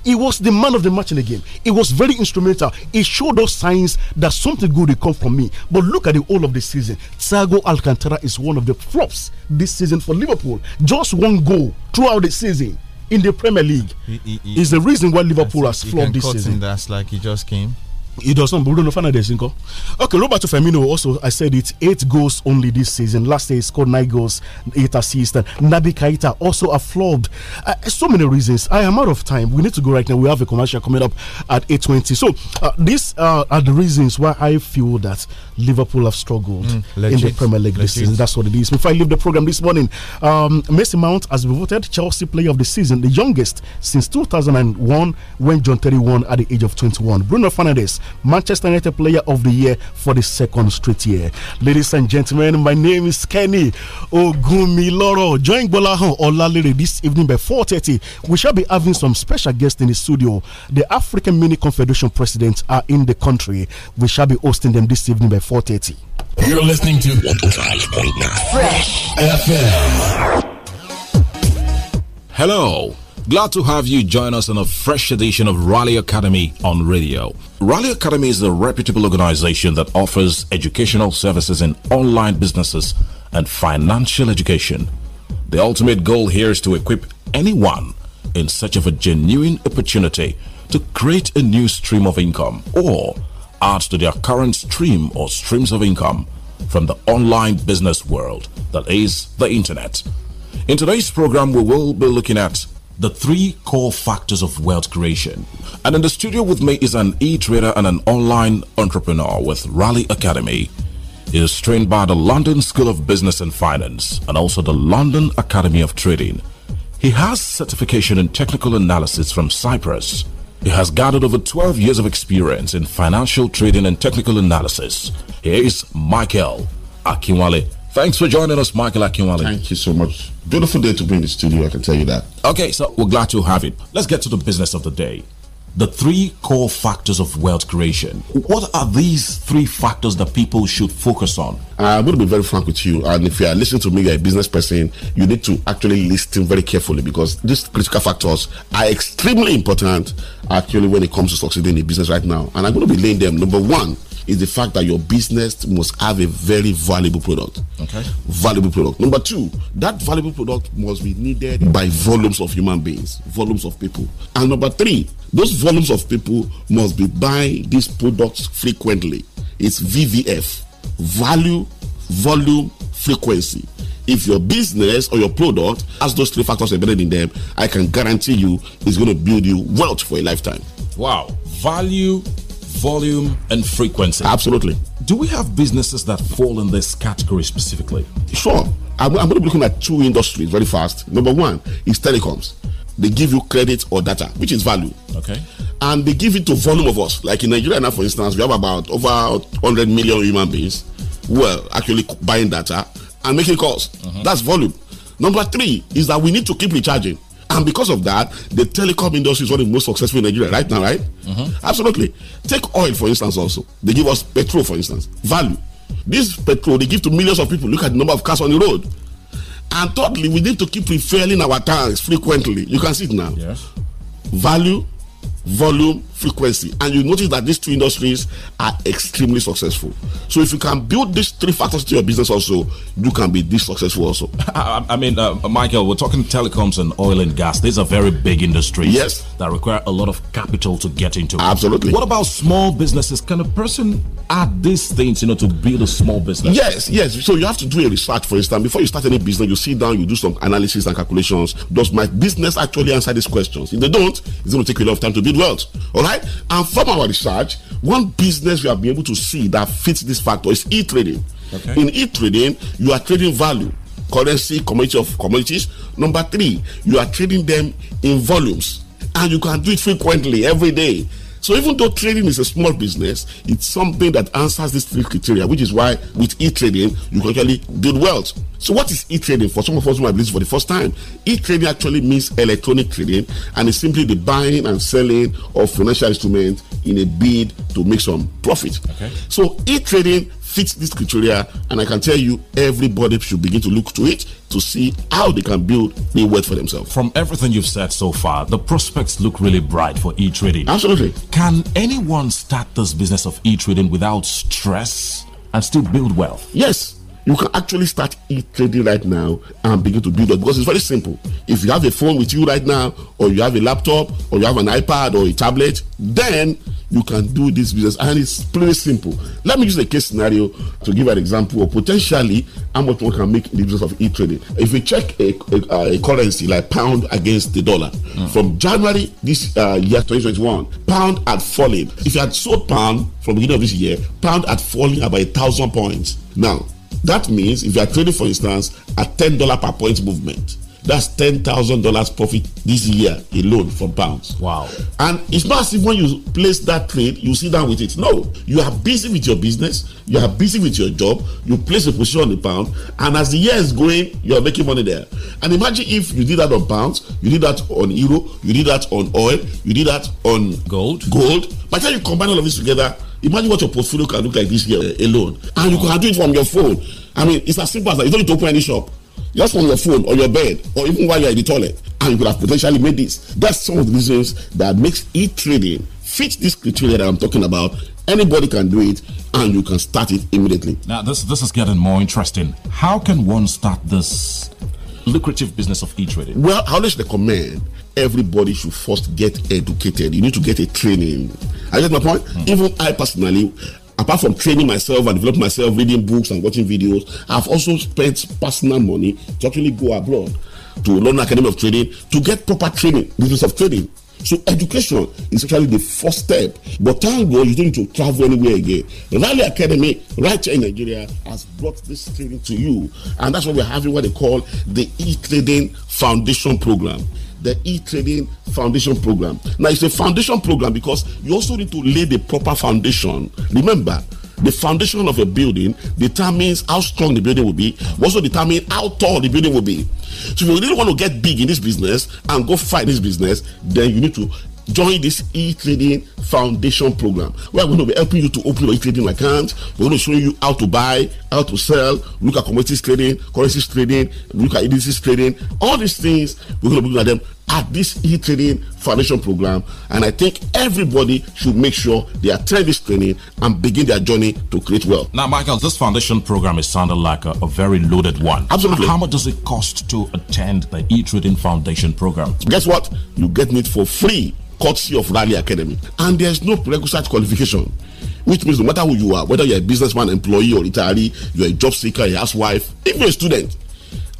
he was the man of the match in the game. He was very instrumental. He showed us signs that something good will come from me. But look at the whole of the season. Thiago Alcantara is one of the flops this season for Liverpool. Just one goal throughout the season in the Premier League he, he, he, is the reason why Liverpool has flopped this season. That's like he just came. He does not. Bruno Fernandes ńkọ́. Okay, Roberto Firmino also I said it eight goals only this season. Last year he scored nine goals, eight assists. And Naby Keita also a flopped. Uh, so many reasons. I am out of time. We need to go right now. We have a commercial coming up at eight twenty. So uh, these uh, are the reasons why I feel that Liverpool have struggled mm, in the Premier League this season. That's what it is. Before I leave the program this morning, um, Mason Mount has been voted Chelsea Player of the Season, the youngest since 2001 when John Terry won at the age of 21. Bruno Fernandes, Manchester United Player of the Year for the second straight year. Ladies and gentlemen, my name is Kenny Ogumiloro. Join Bolahan Olalere this evening by 4.30. We shall be having some special guests in the studio. The African Mini Confederation presidents are in the country. We shall be hosting them this evening by 4.30. You're listening to 105.9 Fresh FM. Hello. Glad to have you join us on a fresh edition of Raleigh Academy on radio. Raleigh Academy is a reputable organization that offers educational services in online businesses and financial education. The ultimate goal here is to equip anyone in search of a genuine opportunity to create a new stream of income or add to their current stream or streams of income from the online business world that is the internet. In today's program, we will be looking at the three core factors of wealth creation. And in the studio with me is an e trader and an online entrepreneur with Raleigh Academy. He is trained by the London School of Business and Finance and also the London Academy of Trading. He has certification in technical analysis from Cyprus. He has gathered over 12 years of experience in financial trading and technical analysis. Here is Michael Akinwale. Thanks for joining us, Michael Akinwale. Thank you so much. Beautiful day to be in the studio, I can tell you that. Okay, so we're glad to have it. Let's get to the business of the day the three core factors of wealth creation. What are these three factors that people should focus on? Uh, I'm going to be very frank with you. And if you are listening to me, you're a business person, you need to actually listen very carefully because these critical factors are extremely important actually when it comes to succeeding in business right now. And I'm going to be laying them. Number one, is the fact that your business must have a very valuable product. Okay. Valuable product. Number two, that valuable product must be needed by volumes of human beings, volumes of people. And number three, those volumes of people must be buying these products frequently. It's VVF value, volume, frequency. If your business or your product has those three factors embedded in them, I can guarantee you it's going to build you wealth for a lifetime. Wow. Value, volume, and frequency. Absolutely do we have businesses that fall in this category specifically? Sure. I'm, I'm going to be looking at two industries very fast. Number one is telecoms. They give you credit or data, which is value. Okay. And they give it to volume of us. Like in Nigeria now, for instance, we have about over 100 million human beings who are actually buying data and making calls. Uh -huh. That's volume. Number three is that we need to keep recharging. And because of that, the telecom industry is one of the most successful in Nigeria right now, right? Mm -hmm. Absolutely. Take oil, for instance, also. They give us petrol, for instance, value. This petrol they give to millions of people. Look at the number of cars on the road. And thirdly, we need to keep refilling our tanks frequently. You can see it now. Yes. Value, volume, frequency. And you notice that these two industries are extremely successful. So if you can build these three factors to your business also, you can be this successful also. I, I mean, uh, Michael, we're talking telecoms and oil and gas. These are very big industries. Yes. That require a lot of capital to get into. Absolutely. What about small businesses? Can a person are these things you know to build a small business yes yes so you have to do a research for instance before you start any business you sit down you do some analysis and calculations does my business actually answer these questions if they don't it's going to take a lot of time to build wealth all right and from our research one business we have been able to see that fits this factor is e-trading okay. in e-trading you are trading value currency commodity of commodities number three you are trading them in volumes and you can do it frequently every day so even though trading is a small business, it's something that answers these three criteria, which is why with e-trading you can actually build wealth. So what is e-trading? For some of us who have listened for the first time, e-trading actually means electronic trading, and it's simply the buying and selling of financial instruments in a bid to make some profit. Okay. So e-trading fit this criteria, and I can tell you everybody should begin to look to it to see how they can build the wealth for themselves. From everything you've said so far, the prospects look really bright for e trading. Absolutely. Can anyone start this business of e trading without stress and still build wealth? Yes you can actually start e-trading right now and begin to build up because it's very simple. If you have a phone with you right now, or you have a laptop, or you have an iPad or a tablet, then you can do this business and it's pretty simple. Let me use a case scenario to give an example of potentially how much one can make in the business of e-trading. If we check a, a, a currency like pound against the dollar, mm. from January this uh, year 2021, pound had fallen. If you had sold pound from the beginning of this year, pound had fallen about a thousand points. Now that means if you are trading, for instance, a ten dollar per point movement, that's ten thousand dollars profit this year alone from pounds. Wow! And it's not as if when you place that trade, you sit down with it. No, you are busy with your business, you are busy with your job. You place a position on the pound, and as the year is going, you are making money there. And imagine if you did that on pounds, you did that on euro, you did that on oil, you did that on gold. Gold. By the time you combine all of this together Imagine what your portfolio can look like this year alone. And you can do it from your phone. I mean, it's as simple as that. You don't need to open any shop. Just from your phone or your bed or even while you're in the toilet. And you could have potentially made this. That's some of the reasons that makes e-trading fit this criteria that I'm talking about. Anybody can do it and you can start it immediately. Now this this is getting more interesting. How can one start this lucrative business of e-trading? Well, I always recommend everybody should first get educated. You need to get a training. I get my point. Mm. Even I personally, apart from training myself and developing myself, reading books and watching videos, I've also spent personal money to actually go abroad to learn Academy of Trading to get proper training, business of trading. So education is actually the first step. But thank God you don't need to travel anywhere again. Rally Academy, right here in Nigeria, has brought this training to you. And that's what we're having what they call the e-trading foundation program the e-trading foundation program. Now it's a foundation program because you also need to lay the proper foundation. Remember, the foundation of a building determines how strong the building will be, also determines how tall the building will be. So if you really want to get big in this business and go fight this business, then you need to join this e-trading foundation program. We are going to be helping you to open your e-trading account. We're going to show you how to buy, how to sell, look at commodities trading, currencies trading, look at indices trading, all these things. We're going to be looking at them at this e-training foundation program and i think everybody should make sure they attend this training and begin their journey to create wealth now michael this foundation program is sounding like a, a very loaded one absolutely how much does it cost to attend the e-trading foundation program guess what you get it for free courtesy of rally academy and there's no prerequisite qualification which means no matter who you are whether you're a businessman employee or retiree you're a job seeker a housewife even a student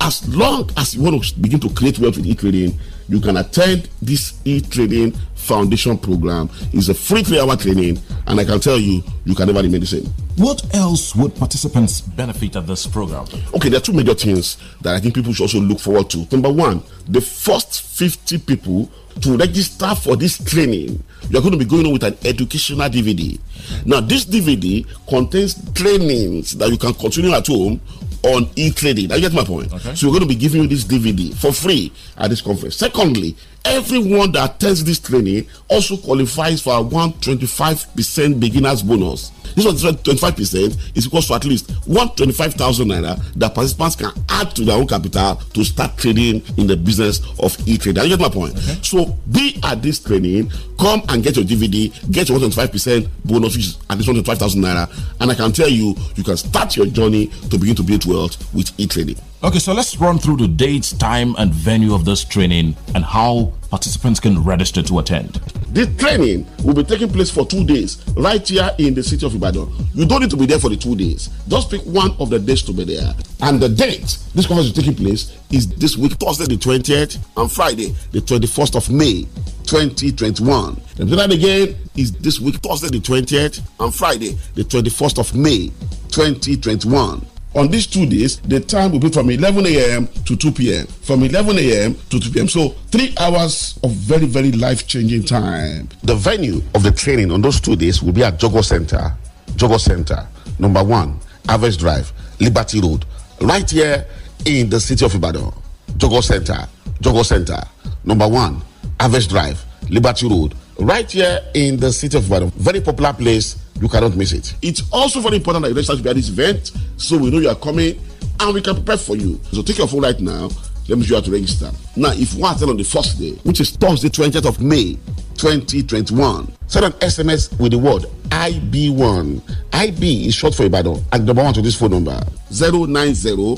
as long as you want to begin to create wealth with e-trading you can attend this e-trading foundation program. It's a free three-hour training, and I can tell you, you can never remain the same. What else would participants benefit at this program? Okay, there are two major things that I think people should also look forward to. Number one, the first 50 people to register for this training, you're going to be going on with an educational DVD. Now, this DVD contains trainings that you can continue at home on e-trading. I get my point. Okay. So we're going to be giving you this DVD for free at this conference. Secondly, everyone that attends this training also qualifies for a 125% beginner's bonus. This one, 25% is equal to at least 125,000 naira that participants can add to their own capital to start trading in the business of e trading. You get my point? Okay. So be at this training, come and get your DVD, get your 125% bonus, which is at least 125,000 naira. And I can tell you, you can start your journey to begin to build wealth with e trading. Okay, so let's run through the dates, time, and venue of this training and how participants can register to attend. This training will be taking place for two days right here in the city of Ibadan. You don't need to be there for the two days. Just pick one of the days to be there. And the date this conference is taking place is this week, Thursday the 20th and Friday the 21st of May 2021. And that again is this week, Thursday the 20th and Friday the 21st of May 2021. On these two days, the time will be from 11 a.m. to 2 p.m. From 11 a.m. to 2 p.m. So three hours of very, very life-changing time. The venue of the training on those two days will be at Jogo Center. Jogo Center, number one, Average Drive, Liberty Road, right here in the city of Ibadan. Jogo Center, Jogo Center, number one, Average Drive, Liberty Road, right here in the city of Ibadan. Very popular place You cannot miss it. It's also very important that you register to be at this event so we know you are coming and we can prepare for you. So take your phone right now. Let me show you how to register. Now, if you want to on the first day, which is Thursday, 20th of May, 2021, send an SMS with the word IB1. IB is short for Ibadan. And number one to this phone number 090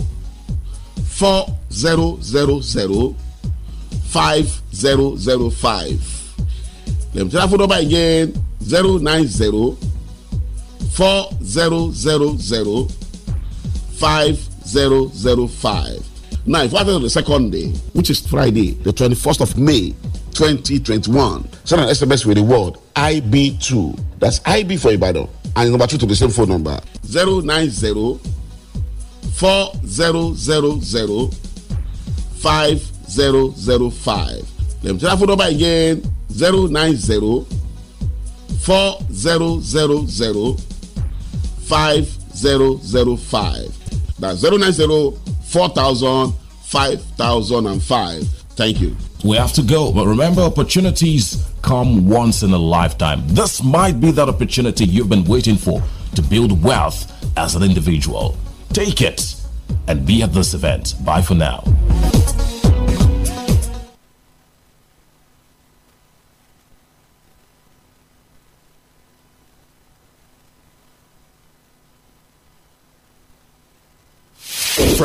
4000 5005. Let me tell that phone number again 090 four zero zero zero five zero zero five. Now, if I on the second day, which is Friday, the twenty-first of May, twenty twenty-one, send an SMS with the word IB2. That's IB for Ibadan. And number two to the same phone number zero zero zero zero zero nine four 090 zero 5005. Let me tell that phone number again Zero zero zero nine four zero 4000 5005. That's 090 4000 5005. Thank you. We have to go, but remember, opportunities come once in a lifetime. This might be that opportunity you've been waiting for to build wealth as an individual. Take it and be at this event. Bye for now.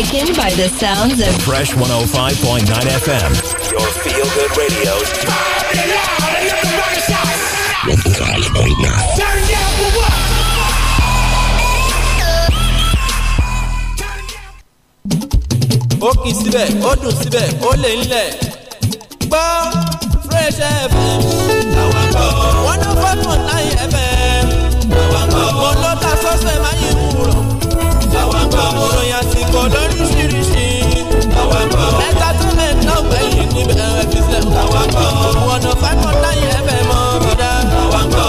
by the sounds of Fresh 105.9 FM, your feel good radio's ó kì í síbẹ̀ ó dùn síbẹ̀ ó lè ń lẹ̀ gbọ́ fresh fm. àwọn one oh five point nine fm. one of five point nine fm bọ̀dá. làwọn gbọ́.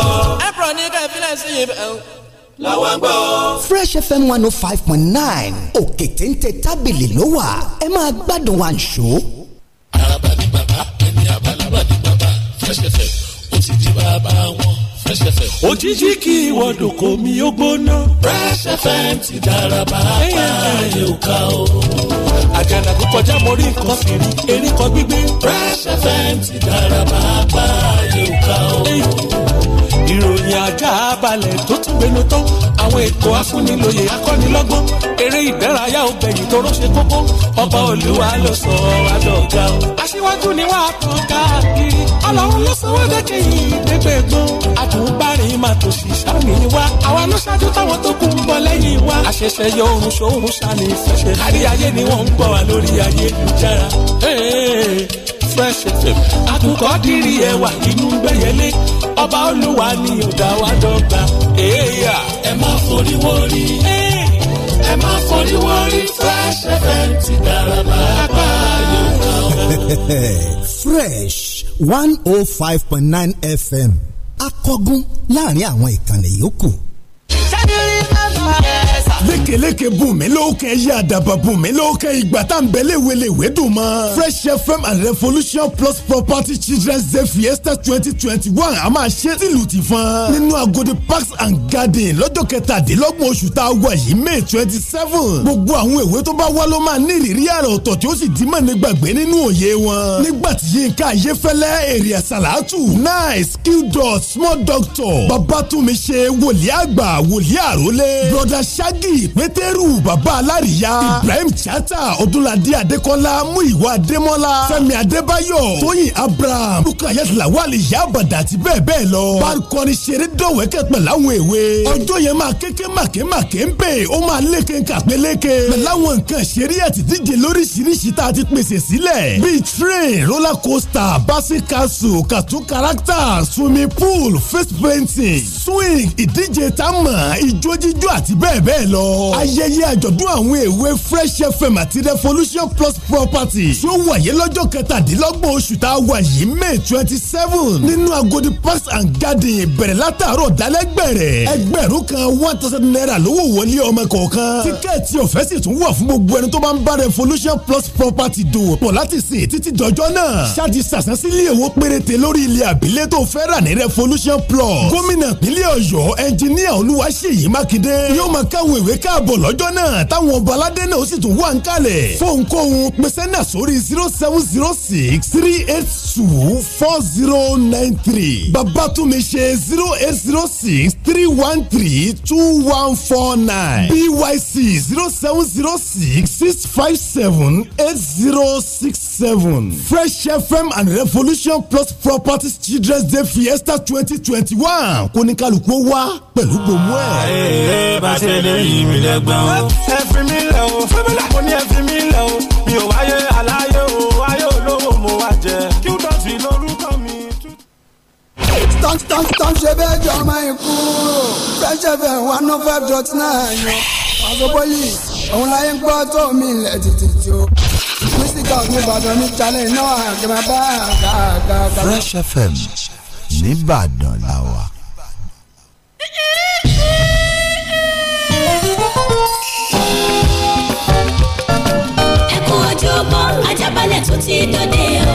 ẹ̀pọ̀ ní kẹfílẹ̀ sí i. làwọn gbọ́. fresh fm one oh five point nine òkè téńté tábìlì ló wà ẹ máa gbádùn wa ṣó. arábàdì ẹni abalabalì fresh fm ó ti di bàbá wọn. Fresh FM. òjijì kí ìwọ́dọ̀ kò mí ó gbóná. Fresh FM ti dára bàbá ayé ò ká o. àjànà kó kọjá mo rí nǹkan fìrí erékọ gbígbé. Fresh FM ti dára bàbá ayé ò o ìròyìn ajá balẹ̀ tó tún gbénu tán àwọn ètò afúnilòyè akọ́nilọ́gbọ́n eré ìdárayá obìnrin tó rọ́ṣẹ́ kókó ọba olúwa ló sọ adọ́gà o. aṣíwájú ni wàá kàn káàkiri ọlọ́run ló sọ wá dẹ́kẹ́ yìí dẹ́gbẹ́ gbọ́n àdùnbárin máa tò sí sáàmì wa àwa ló ṣáájú táwọn tó kù ń bọ̀ lẹ́yìn wa. àṣẹ̀ṣẹ̀ yọ oorun ṣòun ṣàní ìfẹsẹ̀ kárí ayé ni wọ́n ń gbọ́ wa lórí ayélujára fresh fm ẹwà inú gbẹ̀yẹlé ọba olúwa ni ọ̀dà ẹ má forí wọrí ẹ má forí wọrí fresh fm ti dára pàápàá. fresh one oh five point nine fm akọgun láàrin àwọn ìkànnì yòókù lékeleke bùnmi lókè yé àdàbà bùnmi lókè ìgbà tá n bẹ̀lẹ̀ welewe dùn mọ́. fresh fm and revolution plus property children's day fiesta twenty twenty one a máa ṣe tìlù ti fún. nínú agodi parks and gardens. lọ́jọ́ kẹtàdínlọ́gbọ̀n oṣù tá a wà yìí may twenty seven. gbogbo àwọn èwe tó bá wá ló máa ní ìrírí àrà ọ̀tọ̀ tí ó sì dì mọ́ ní gbàgbé nínú òye wọn. nígbà tí yínká ayéfẹ́lẹ́ èrè àsàlátù nice skill dot small doctor babatunmi ṣe wòlíàgbà wòlíà àrólé broda shaggy pétérù bàbá alárìíyá ibrahim chata odúnladé adékọ́lá múyìwá adémọ́lá fẹ́mi adébáyọ̀ tóyìn abraham lukayat lawal yabada àti bẹ́ẹ̀ bẹ́ẹ̀ lọ barikọrin ṣeré dọ̀wẹ́kẹ̀ pẹ̀lú àwọn èwe ọjọ́ yẹn máa kéke màkè màkè ń bè ó máa léke ń kàpéléke pẹ̀lú àwọn nǹkan ṣeré àtìdíje lóríṣiríṣi tá a ti pèsè sílẹ̀ bíi train roller coaster basi castle cartoon character swimming pool face painting swing ìdíje tá a mọ̀ ijó jíjó àti bẹ́ẹ̀ bẹ́ẹ̀ lọ. ayẹyẹ àjọ̀dún àwọn èwe fresh fm àti revolution plus property tí ó wáyé lọ́jọ́ kẹtàdínlọ́gbọ̀n oṣù tá a wà yìí may twenty seven nínú agodi parks and garden bẹ̀rẹ̀ látàárọ̀ dálẹ́gbẹ̀rẹ̀ ẹgbẹ̀rún kan one thousand naira lówó wọlé ọmọ kọ̀ọ̀kan tíkẹ́ẹ̀tì ọ̀fẹ́ sì tún wà fún gbogbo ẹni tó bá ń bá revolution plus property dòwò pọ̀ láti sìn títí dọjọ́ náà ṣáàjì sàsán sílé èwo péréte lórí ilẹ̀ àbílẹ̀ tó fẹ́ rà ní revolution plus gómìnà ìpínlẹ̀ ọ̀yọ́ ẹnjiníà olúwaṣe ṣèyí mákindé yóò máa káwọn ìwé káàbọ̀ lọ́jọ́ náà táwọn ọba aládé náà ó sì tún wà ń kalẹ̀ fóònkóhun pèsè náà sórí zero seven zero six three eight two four zero nine three babatunmi ṣe zero eight zero six three one three two one four nine byc zero seven zero six six five seven eight zero six seven fresh fm and revolution plus properties children's day fiesta twenty twenty one kóníkàlùkù wá pẹ̀lú gbòmù ee bá ṣe lè mi lẹ́gbọ̀n. ẹ mi lẹ̀ o fẹ́mílà mo ní ẹ fi mi lẹ̀ o mi ò wáyé aláyé o wáyé olówó mo wá jẹ kí lórúkọ mi. tọ́ntọ́ntọ́n ṣe bẹ́ẹ̀ jọ ọmọ ìkú fẹ́ṣẹ̀ fẹ́ one oh five dot nine yan pàṣẹpọ́lì òun láyé ń gbọ́ tó mi ilẹ̀ tètè o mísíkà òní ìbàdàn ní challenge náà àgbẹ̀ máa bá àgbà àgbà. Fresh FM nìbàdàn làwà. tún ti dòde o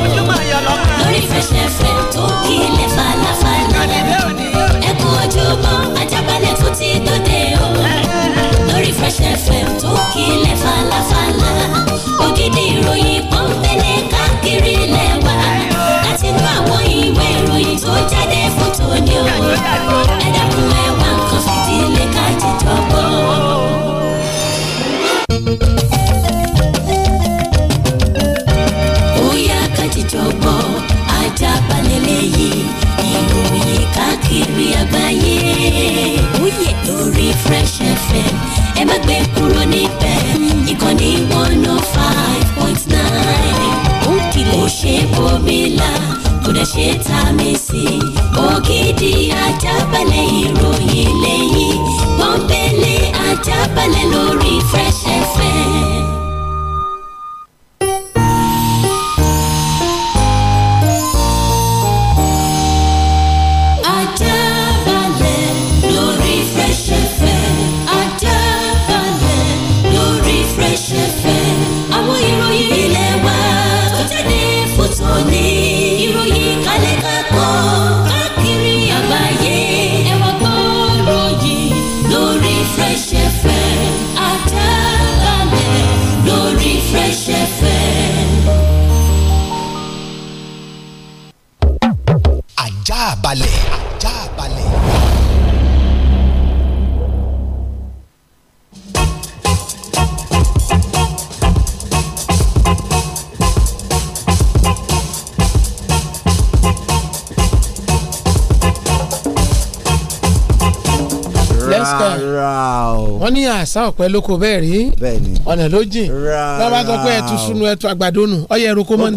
lórí fẹsẹ̀fẹ̀ tó kílẹ̀ falafala ẹ kú ojúmọ́ Ajaabale tún ti dòde o lórí fẹsẹ̀fẹ̀ tó kílẹ̀ falafala ògidì ìròyìn. fm ẹ má gbé kúrò níbẹ̀ ìkànnì one oh five point nine ó kìlẹ̀ kò ṣe bomi la kò dẹ̀ ṣe ta mi sí i ògidì ajábalẹ̀ ìròyìn lẹ́yìn pọ́npẹ́lẹ́ ajábalẹ̀ lórí fresh fm. àṣà ọ̀pẹ ló kó rí ọ̀nà ló jìn sunu ẹtù àgbàdo nù ọyẹ ẹrukọ kó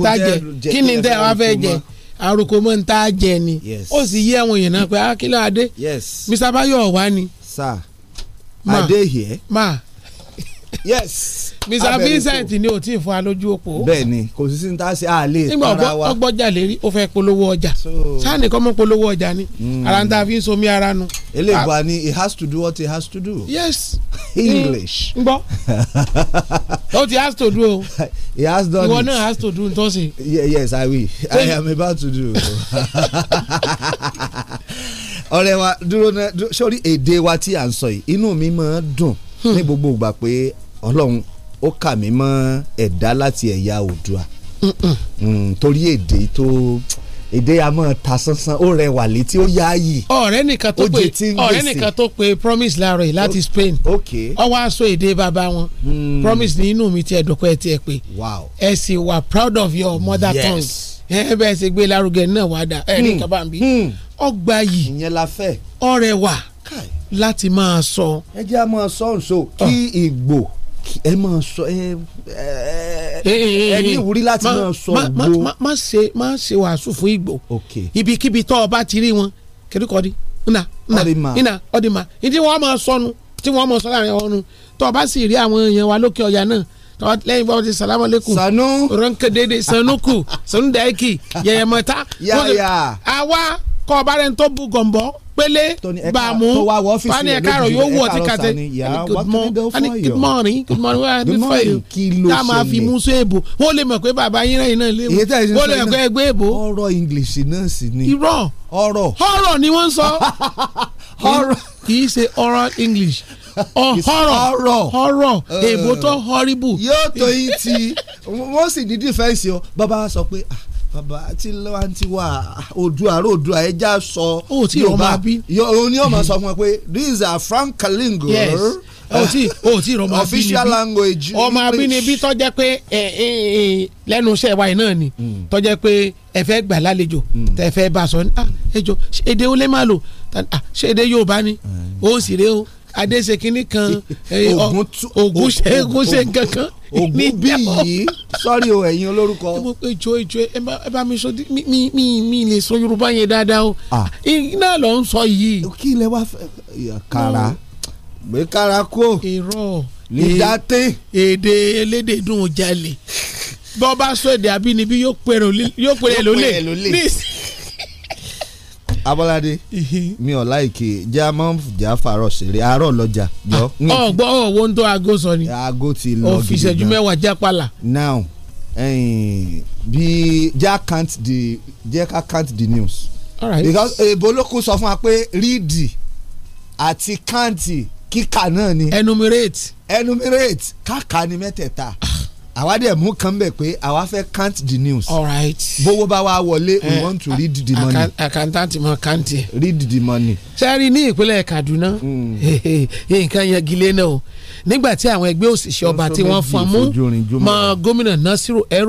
jẹ kí ni tẹ́ jẹ jẹ ni ó sì yí ẹwọn èèyàn náà pé akílẹ̀ ah, adé Mr. Bayo ni. sir i ma yes Mr Vincent ni o ti fún wa òpó. bẹ́ẹ̀ni kò sí sí ní a lè tọ́ra wa. nígbà ọgbọ́jà lérí ó fẹ́ polówó ọjà sáàni kọ́ mọ́ polówó ọjà ni hmm. ara ń ta fi ń somi ara nu. eléègbà ah. ni he has to do what he has to do. yes English. n gbọ́ o ti has to do o. he has done it. ìwọ náà has to do n tó ṣe. yes I will I am about to do. ọ̀rẹ́ wa dúró náà sórí èdè wa tí à ń sọ yìí inú mi máa ń dùn hmm. ní gbogbo ìgbà pé ọlọ́run ó kà mí mọ́ ẹ̀dá láti ẹ̀yà Oòduà mm, torí èdè tó èdè àmọ́ ta sánsán ó rẹwà létí ó yáàyè. ọ̀rẹ́ nìkan tó pe ọ̀rẹ́ nìkan tó pe promise láàárọ̀ yìí láti Spain ó wá sọ èdè bàbá wọn hmm. promise ni inú mi ti ẹ̀dọ̀kọ́ ẹ ti ẹ pé ẹ sì wà proud of your mother tongue ẹ bẹ́ẹ̀ ṣe gbé lárugẹ náà wá dà ẹ ní kaba nbí ọgbà yìí ìyẹn la fẹ́ ọrẹwà láti máa sọ. ẹ jẹ́ a máa sọ ǹso kí ah. ìgbò. Oh ẹ máa sọ ẹ ẹ ní ìwúrí láti máa sọ ògbó. má ṣe má ṣe wàásù fún Ìgbò ibikíbi tó o bá ti rí wọn kẹ́ríkọ́ di nna nna nna ọ̀dìmá ìdí wọn máa sọnù tí wọn máa sọ láàrin ọ̀run tó o bá sì rí àwọn èèyàn wa lókè ọ̀yà náà tọ́ lẹ́yìn bá wọ́n ti salamu aleykum. sanu rọ́nkẹ́dẹ́dẹ́ sanuku sanudaiki yẹ̀yẹ̀mọ̀ta. yàyà àwa kọ́ ọ̀bá rẹ̀ ń tó bu gọ̀ǹbọ̀ pélé bàmú fani ẹ̀kárọ̀ yóò wọ̀ ti kàtẹ́ good morning good morning wà ní fẹ́yì ká máa fi mú sí èbò wọ́n lè mọ̀ pé bàbá yín rẹ̀ yín náà léwu wọ́n lè mọ̀ pé ẹgbẹ́ èbò. ọ̀rọ̀ english náà sì ni. irọ́ ọ̀rọ̀ ọ̀rọ̀ ni wọ́n sọ kì í ṣe oral english ọ̀rọ̀ ọ̀rọ̀ èbò tó horrible. yóò tó yín ti wọ́n sì ní dífẹ́ǹsì o bàbá sọ pé ah bàbá tí wàá ti wà oòdùà ròdùà ẹja sọ yorùbá òun ni yóò máa sọ fún ẹ pé these are frank kalingo. yes o ti o ti rọmọ abínibí official language ọmọ abínibí tó jẹ́ pé lẹ́nu iṣẹ́ wa náà ni hmm. tó jẹ́ pé ẹ fẹ́ gbà lálejò hmm. tẹ fẹ́ bá a sọ ah, ẹ jọ ṣe èdè ó lè má lò ah, ṣe èdè yorùbá ni ó hmm. sì rè ó adéṣekínní eh, kan ogun ṣẹ́gun ṣe kankan ogun bí yìí sọ́rí o ẹ̀yin olórúkọ. mo pe jo jo ẹ bá mi sọ mi mi mi lè sọ yorùbá yẹn dáadáa o ah. iná ló ń sọ yìí. kí ilẹ̀ wá fẹ́ kàrà gbé kàrà kó. irọ́ lidate. èdè elédè dùn jalè bọ́ bá sọ èdè àbínibí yóò pèrè lólè ní ìsìn. Abọ́ládé mi ò láìkè já mọ́ǹf já fàárọ̀ ṣeré àárọ̀ lọ́jà ah, jọ. ọgbọ́ ọ̀wọ́ ń tó aago sọ ni aago ti lọ gidi gan òfìsẹ́jú mẹ́wàá já pàlà. now bí já count the jẹ́ ká count the news. all right because èbó ló kún sọ fún wa pé ríìdì àti káǹtì kíkà náà ni. enumerate. enumerate káàkà ni mẹ́tẹ̀ẹ̀ta. Ah àwa dẹ̀ mú kan bẹ̀ pé àwa fẹ́ count the news. all right. bówó bá wa wọlé we eh, want to read the money. accountant mọ count ẹ. read the money. sẹ́ẹ̀rì ní ìpínlẹ̀ Kaduna hmm. nǹkan yẹn gilé náà o nígbà tí àwọn ẹgbẹ́ òṣìṣẹ́ ọba tí wọ́n fọn mú mọ gómìnà Nasiru el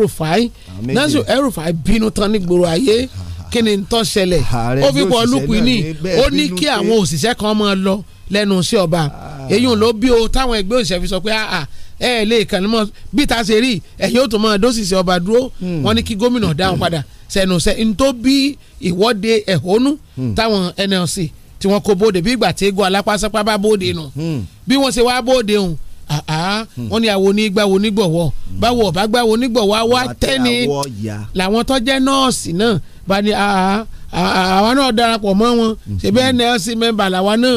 Nasiru el bínú tán nígboro ayé kí ni tó ṣẹlẹ̀ ó fi bọ́ lùkù ní ó ní kí àwọn òṣìṣẹ́ kan máa lọ lẹ́nu iṣẹ́ ọba ah. èyí ló bí o táwọn ẹgbẹ́ òṣìṣẹ́ fi sọ pé ah, ah, ẹ ẹ lè kàn mọ́ bí ta ṣe rí ẹ̀yìn ó tún mọ́ dósìsì ọba dúró hmm. wọ́n ní kí gómìnà dáhùn padà sẹ̀nùsẹ̀ n tó bí ìwọ́de ẹ̀hónú hmm. táwọn NLC tí wọ́n kó bóde bí ìgbà tí eégún alápásápá bá bóde nù hmm. bí wọ́n ṣe wá bóde hùn àá wọ́n ní àwọn onígbàwọ̀ onígbọ̀wọ̀ báwo ọ̀bá gbàwọ̀ onígbọ̀wọ̀ àwa tẹ́ni làwọn tó jẹ́ nọ́ọ̀sì náà bá ní àá àwa náà darapọ̀ mọ́ wọn ṣe bẹ́ẹ̀ NLC mẹ́mbà làwa náà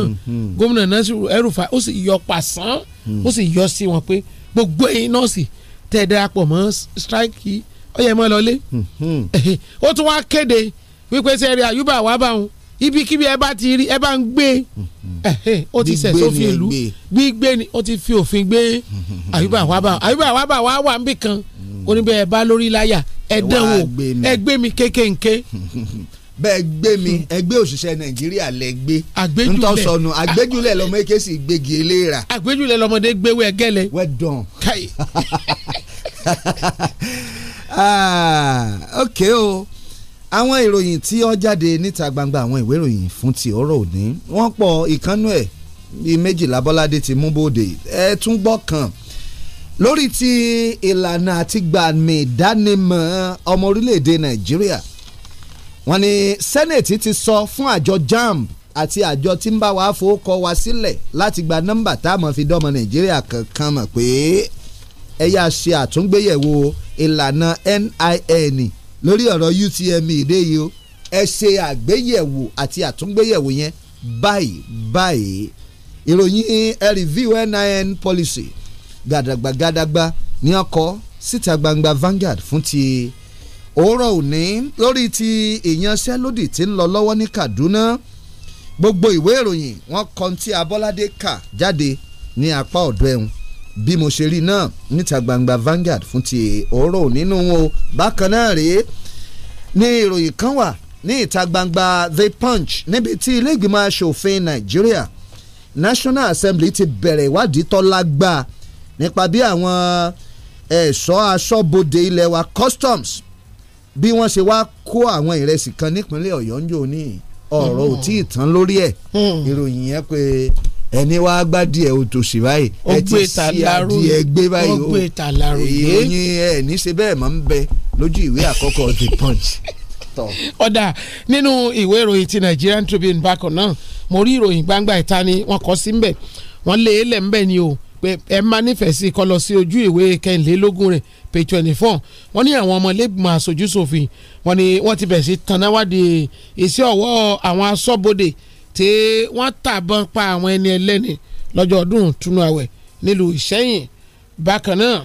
gómìnà Nasiru El-Rufai ó sì yọ pàṣán ó sì yọ sí wọn pé gbogbo ẹ̀yin nọ́ọ̀sì tẹ́ ẹ darapọ̀ mọ́ strike ó yẹ mọ́ lọlé hmm. ó tún wá kéde wípé sẹ́ẹ̀rì àyùbá wà bá wọn ibikíbi ẹ bá ti rí ẹ bá ń gbé hmm. ó ti sẹ̀ sófin ìlú gbígbé ni ó ti fi òfin gbé àyùbá hmm. wà bá àyùbá wà bá wà wà níbì kan oníbẹ̀ ẹ bá lórí láyà ẹ dánwò ẹ gbé mi kékèké bẹ́ẹ̀ gbé mi hmm. ẹgbẹ́ òṣìṣẹ́ nàìjíríà lẹ gbé àgbéjúlẹ̀ ntọ́sọ̀nù àgbéjúlẹ̀ ah. lọ́mọ eke sì gbégi eléra. àgbéjúlẹ̀ lọ́mọdé gbéwé ẹgẹ́lẹ̀. well done. kai. ah, ok o àwọn ìròyìn tí wọ́n jáde níta gbangba àwọn ìwé ìròyìn fún ti ọ̀rọ̀ òní wọ́n pọ̀ ìkànnú ẹ̀ bíi méjìlá bọ́ládé ti mú bòde ẹ tún gbọ́ kan lórí ti ìlànà àti gbàmì ìdánimọ̀ ọmọ orílẹ̀-èdè nàìjíríà wọ́n ní sẹ́nẹ̀tì ti sọ fún àjọ jamb àti àjọ tí ń bá wa fowókọ wa sílẹ̀ láti gba nọ́mbà tá a mọ̀ fi dọ́mọ nàìjíríà kankan mọ̀ pé ẹ yá ṣe àtúngbéyẹ̀wò ìlànà NIN lórí ọ̀rọ̀ UTME dé yìí o ẹ ṣe àgbéyẹ̀wò àti àtúngbéyẹ̀wò yẹn báyìí báyìí ìròyìn ẹ review NIN policy gàdàgbà gàdàgbà ni ọkọ̀ síta gbangba Vanguard fún ti òórọ̀ òní lórí ti ìyanṣẹ́lódì tí ń lọ lọ́wọ́ ní Kaduna gbogbo ìwé ìròyìn wọn kan tí Abọ́ládé kà jáde ní apá ọ̀dọ̀ ẹ̀hún bí mo ṣe rí náà níta gbangba Vanguard fún ti òórọ̀ òní nínú wọn bákan náà rèé ní ìròyìn kan wà ní ìta gbangba The Punch níbi tí ilé ìgbìmọ̀ asòfin Nàìjíríà National Assembly ti bẹ̀rẹ̀ ìwádìí tó lágbá nípa bí àwọn ẹ̀ṣọ́ aṣọ́bodè ilẹ̀ wa customs bí wọ́n ṣe wá kó àwọn ìrẹsì kan nípínlẹ̀ ọ̀yọ́ ń jò ní ọ̀rọ̀ ò tí ì tán lórí ẹ̀ hmm. ìròyìn yẹn pé ẹni wá gbádìí ẹ o tòṣì báyìí ẹ ti ṣí adìẹ gbé báyìí o ìròyìn ẹ ní ṣe bẹ́ẹ̀ máa ń bẹ lójú ìwé àkọ́kọ́ the punch tọ. ọ̀dà nínú ìwé ìròyìn ti Nigerian Tribune bákan náà mo rí ìròyìn gbangba ìta ni wọ́n kọ sí mbẹ̀ wọ́n lé e lẹ̀ mbẹ̀ ni o ẹ máa nífẹ̀ẹ́ sí kọ́ lọ sí ojú ìwé kẹrìnlélógún rẹ̀ page twenty four wọ́n ní àwọn ọmọlẹ́gbìmọ̀ aṣojú ṣòfin wọ́n ní wọ́n ti bẹ̀rẹ̀ sí tanáwádìí iṣẹ́ ọwọ́ àwọn aṣọ́bodè tí wọ́n tàbọn pa àwọn ẹni ẹlẹ́ni lọ́jọ́ ọdún túnú àwẹ̀ nílùú Ìṣẹ́yìn bákan náà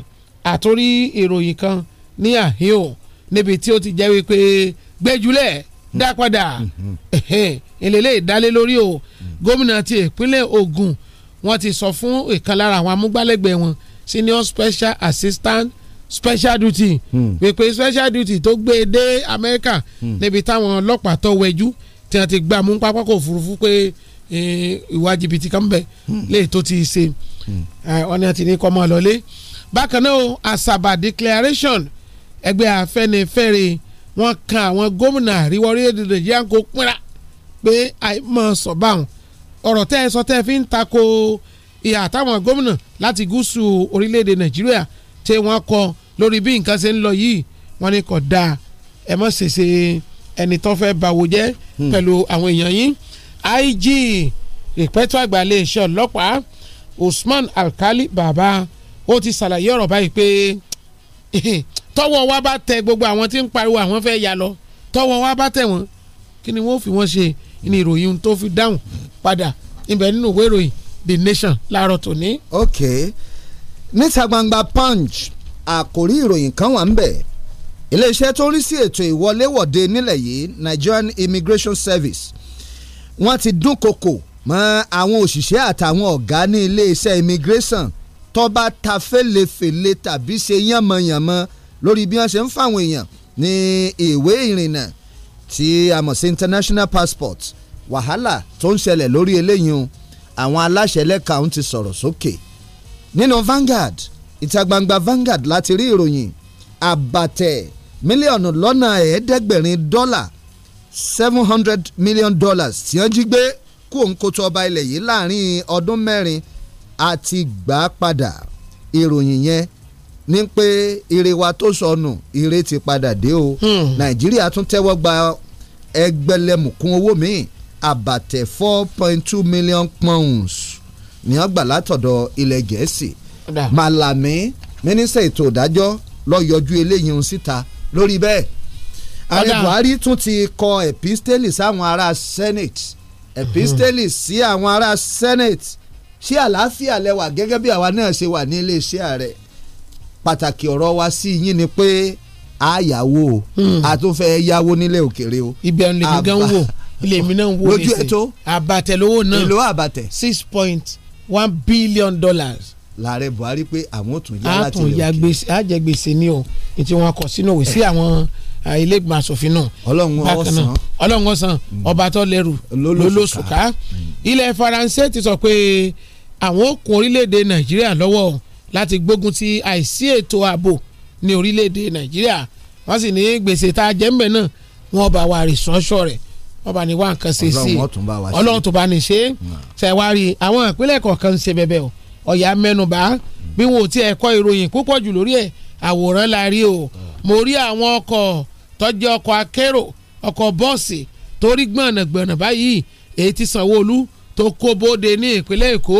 àtúrí ìròyìn kan ní àhíò níbi tí ó ti jẹ́ wípé gbẹ́júlẹ̀ dá padà ilé ilé ìdálé lórí o mm. gómìnà ti ìpínlẹ̀ Ògùn wọ́n ti sọ fún ìkan lára àwọn amúgbálẹ́gbẹ̀ẹ́ wọn senior special assistant special duty pèpè hmm. special duty tó gbé e dé Amẹ́ríkà hmm. níbi táwọn ọlọ́pàá tó wẹjú tí wọ́n ti gbà mú pápákọ̀ òfurufú pé ìwà jìbìtì kan bẹ̀ hmm. lè tó ti ṣe hmm. ọ̀nà àti ní kọ́mọ lọ́lé bákan náà àṣàbà declaration ẹgbẹ́ Afẹ́nifẹ́re wọ́n kan àwọn gómìnà àríwá orílẹ̀-èdè Nàìjíríà kó pínra pé àìmọ̀ sọ̀báwọn ọ̀rọ̀ tẹ́ ẹ sọ tẹ́ ẹ fi ń tako ìhà táwọn gómìnà láti gúúsù orílẹ̀-èdè nàìjíríà tí wọ́n kọ lórí bí nǹkan ṣe ń lọ yìí wọ́n ní kò dáa ẹ mọ̀ ṣèṣe ẹni tó fẹ́ báwo jẹ́ hmm. pẹ̀lú àwọn èèyàn yín IG ìpẹ́tọ́ àgbà iléeṣẹ́ ọlọ́pàá Usman Alkali bàbá ó ti ṣàlàyé ọ̀rọ̀ báyìí pé tọ́wọ́ wa bá tẹ gbogbo àwọn tí ń pariwo àwọn fẹ́ yà lọ tọ́wọ́ wa bá tẹ wọ́n kí ni wọ́n fi wọ́n ṣe ní ìròyìn tó fi dáhùn padà ibẹ̀ nínú ìwé ìròyìn the nation láàárọ̀ tòní. ok níta gbangba punch àkòrí ìròyìn kan wà ń bẹ̀ iléeṣẹ́ tó ń rí sí ètò ìwọléwọ̀de nílẹ̀ yìí Nigerian Immigration Service wọ́n ti dúnkokò mọ́ àwọn òṣìṣẹ́ àtàwọn ọ̀gá ní iléeṣẹ́ immigration tó bá ta fẹ́lẹ́fẹ́lẹ́ tàbí ṣe yánmọ̀yánmọ́ lórí bí wọ́n ṣe ń fáwọn èèyàn ní ìwé ìrìnnà tí a mọ̀ sí international passport wàhálà tó ń ṣẹlẹ̀ lórí eléyìí o àwọn aláṣẹ lẹ́ka òun ti sọ̀rọ̀ sókè nínú Vanguard ìta gbangba Vanguard láti rí ìròyìn àbàtẹ̀ mílíọ̀nù lọ́nà ẹ̀ẹ́dẹ́gbẹ̀rin dọ́là seven hundred million dollars tí wọ́n jí gbé kó òǹkótó ọba ilẹ̀ yìí láàrin ọdún mẹ́rin àti gbà padà ìròyìn yẹn ní pé ire wa tó sọnù ire ti padà dé o hmm. nàìjíríà tún tẹ́wọ́ gba ẹgbẹ̀lẹ́mùkún owó míì àbàtẹ̀ four point two million pounds ní ọgbà látọ̀dọ̀ ilẹ̀ gẹ̀ẹ́sì malami mínísítà ètò ìdájọ́ lọ yọjú eléyìí ń síta lórí bẹ́ẹ̀ ààrẹ buhari tún ti kọ epistele sáwọn ará senate epistele hmm. sí àwọn ará senate ṣé àlàáfíà lẹ wà gẹ́gẹ́ bí àwa náà ṣe wà ní iléeṣẹ́ ààrẹ pàtàkì ọ̀rọ̀ wa sí yín ni pé àyàwó o hmm. yáwó nílẹ̀ òkèrè o. ibẹ̀ ń lè gan wò ilé náà wò lójú ètò àbàtẹ̀ lówó náà èlò àbàtẹ̀ six point one billion dollars. làárẹ̀ Buhari pé àwọn ò tún yá láti ilẹ̀ òkèrè. a gbèsè ni o ètò wọn kọ sínú òwe sí àwọn ilégbèmọ̀ asòfin náà. ọlọ́run ọ̀sán ọlọ́run ọ̀sán hmm. ọba tó lẹ́rù lólóṣùká ilẹ̀ Faransé ti sọ pé àwọn ó orílẹ̀-èdè Nàìjíríà lọ́wọ́ láti gbógun ti àìsí ètò ààbò ní orílẹ̀-èdè nàìjíríà wọ́n sì ní gbèsè tá a jẹ́ ńbẹ̀ náà wọ́n bá wa rè sánṣọ́ rẹ̀ wọ́n bá ní wá nǹkan ṣe sí i ọlọ́run tó bá ní ṣe é hmm. ṣẹ̀wárí àwọn ìpínlẹ̀ kọ̀ọ̀kan ṣe bẹ̀bẹ̀ o ọ̀yà mẹ́nubà hmm. bí wọn ò tiẹ̀ kọ ìròyìn púpọ̀ jù lórí ẹ̀ àwòrán la rí o hmm. mo rí àwọn ọkọ̀ tọ́jú ọkọ̀ akérò ọkọ̀ bọ́ọ̀sì torí gbọ̀nàgbọ̀nà báyìí èyí tí Sanwó-Olú tó kó bóde ní ìpínlẹ̀ èkó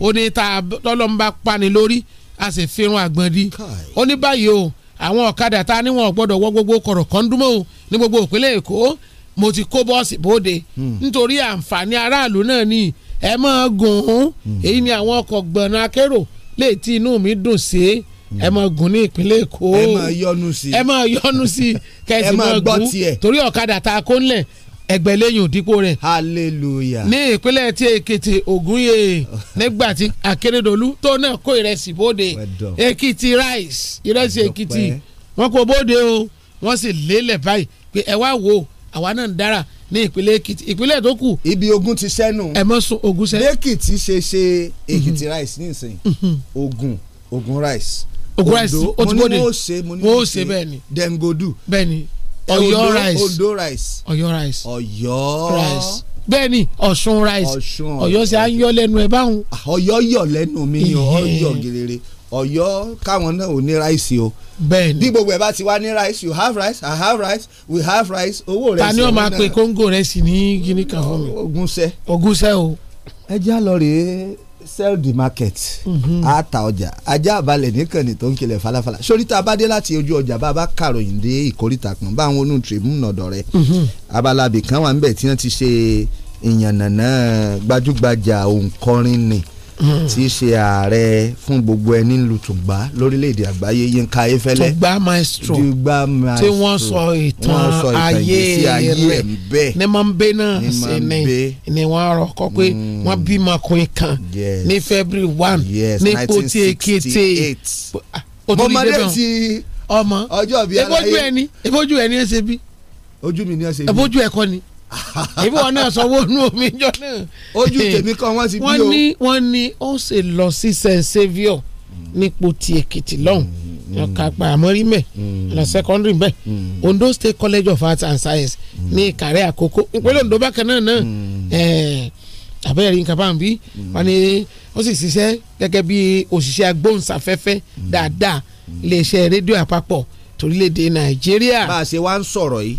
ó ní ta tọ́lọ́mùbá pani lórí a sì firun àgbọ̀ndì ó ní báyìí o àwọn ọ̀kadà ta ni wọn gbọ́dọ̀ wọ gbogbo kọ̀rọ̀ kan ní gbogbo ìpínlẹ̀ èkó mo ti kó bọ́ọ̀sì bóde hmm. nítorí àǹfààní aráàlú náà ni ẹ máa gùn ún hmm. èyí ni àwọn ọkọ̀ gbọ̀nà akérò lè ti inú mi dùn sí i ẹ hmm. máa gùn ní ìpínlẹ̀ èkó ẹ máa yọnu sí ẹ máa yọnu gùn torí ọ̀kadà tá kó ńlẹ̀ ẹgbẹ́ lẹ́yìn òdìpọ̀ rẹ̀. hallelujah. ní ìpínlẹ̀ tí èkìtì ye nígbà tí akérèdọ́lù tó náà kó ìrẹsì bóde èkìtì rice ìrẹsì èkìtì wọ́n kó bóde o wọ́n sì lélẹ̀ báyìí pé ẹ wá wo àwa náà ń dára ní ìpínlẹ̀ èkìtì ìpínlẹ̀ tó kù. ibi ogun ti sẹ́nu. ẹ mọ sun ogun sẹ́nu. lẹ́kìtì ṣe ṣe èkìtì mhm. rice nísìnyí ogun mhm. ogun rice. ogun rice o ti bóde mo ṣe bẹ́ẹ̀ ni. dem bẹ́ẹ̀ ni Ọ̀yọ́ rice Ondo rice Ọ̀yọ́ rice Ọ̀yọ́ rice bẹ́ẹ̀ni Ọ̀ṣun rice Ọ̀yọ́ ṣe à ń yọ lẹ́nu ẹ báwọn. Ah, Ọ̀yọ́ yọ lẹ́nu mi ni Ọ̀yọ́ gerere Ọ̀yọ́ káwọn náà ò ní ráìsì o. bẹ́ẹ̀ni bí gbogbo ẹ bá ti wá ní ráìsì you have rice I have rice we have rice owó rẹ sí. ta ni ó máa pe kóńgò rẹ sí ní gíní kan fún mi. ogunṣẹ ogunṣẹ o. ẹ já lọ rèé sell the market mhm. a ta ọjà ajá balẹ̀ nìkànnì tó ń kilẹ̀ falafala sórí tá a bá dé láti ojú ọjà bá a bá kàròyìn dé ìkórìtà kan bá àwọn onú tribune ọ̀dọ̀ rẹ̀ mhm. abalabi kan wà ń bẹ̀ tí wọ́n ti ṣe ìyànnànà gbajúgbajà òǹkọrin ni. Hmm. tí í ṣe ààrẹ fún gbogbo ẹni ń lu tùgbà lórílẹ̀‐èdè àgbáyé Yínká Ayéfẹ́lẹ́ tùgbà maestro tùgbà maestro tí wọ́n sọ ìtàn ayé rẹ̀ ní máa ń bẹ náà sí ni ni wọ́n rọ kọ́ pé hmm. wọ́n bí ọmọkùnrin kan ní February one ní ipò tí èkété òtúndínlẹ́bẹ̀ ọmọ ọjọ́ bíi aláyé ìbójú ẹni ìbójú ẹni ẹ ṣe bí ojú mi ni ẹ ṣe bí ìbójú ẹ̀kọ́ ni ibi wọn náà sọ wọn nú omi jọ náà. ojú tèmi kan wọn ti bí o. wọ́n ní wọ́n ní ó ṣe lọ sí saint saviour nípò ti Èkìtì lọ́hùn mm-hmm. ọ̀kápá àmọ́rí mẹ́ mm-hmm. lọ secondary mẹ́ mm-hmm. Ondo State College of Arts and Science ní Ìkàrẹ́ Àkókò ìpínlẹ̀ Ondo bákan náà náà àbẹ̀rẹ̀ nǹkan bá ń bí wọn ni ó sì ṣiṣẹ́ gẹ́gẹ́ bí òṣìṣẹ́ agbóhùnsáfẹ́fẹ́ dáadáa iléeṣẹ́ rédíò àpapọ̀ torílẹ̀-èdè Nàìjíríà. bá a ṣe wá ń sọ̀rọ̀ yìí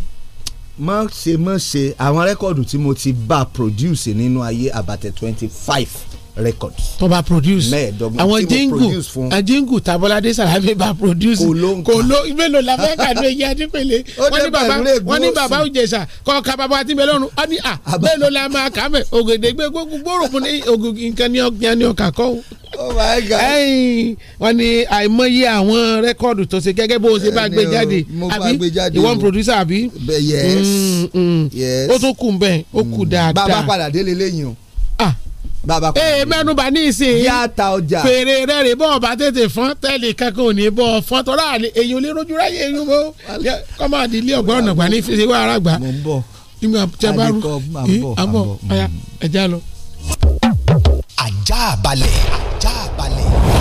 má ṣe má ṣe àwọn rẹ́kọ̀dù tí mo ti bá produce nínú ayé àbàtẹ̀ twenty five records. tó bá produce mẹ́ẹ̀ẹ́dọ́gbọ̀n àwọn jingu ajingu eh, tabolade salami bá produce kò ló mélòó la fẹ́ kàdó eyín adépele wọ́n ní bàbá wọ́n ní bàbá ah, òjèṣà kọ́ ka bàbá àti mẹ́lọ́run wọ́n ní à mélòó la máa kà mẹ́ ògèdègbè gbogbo gbòòrò fún nǹkan ní ọ̀gbìn ní ọ̀kà kọ́ o. oh my god. ẹyin wọ́n ní àìmọye àwọn rẹ́kọ́ọ̀dù tó ṣe gẹ́gẹ́ bó o ṣe bá gbé jáde àbí ìwọ́n producer àbí. yes mm, mm. yes ó tún kù bẹ́ẹ̀ ó kù mm. dáadáa. bàbá padà délé lẹ́yìn o bàbá kan. ee eh, mẹ́nuba ní ìsìn. yá ta ọjà. fèrè rẹ̀ rè bọ́ ọba tètè fọ́n tẹ́lẹ̀ kankan ò ní bọ́ fọ́n tọ́lá èyí ò lè rojú ráyè èyí ò bọ́ kọ́mọ àdìlé ọ̀gbọ́n ọ̀nà gbà ní fèsì wà ara gbà. mo ń bọ̀ nígbà tí a bá rú àbọ̀ ẹja ajá balẹ̀ ajá balẹ̀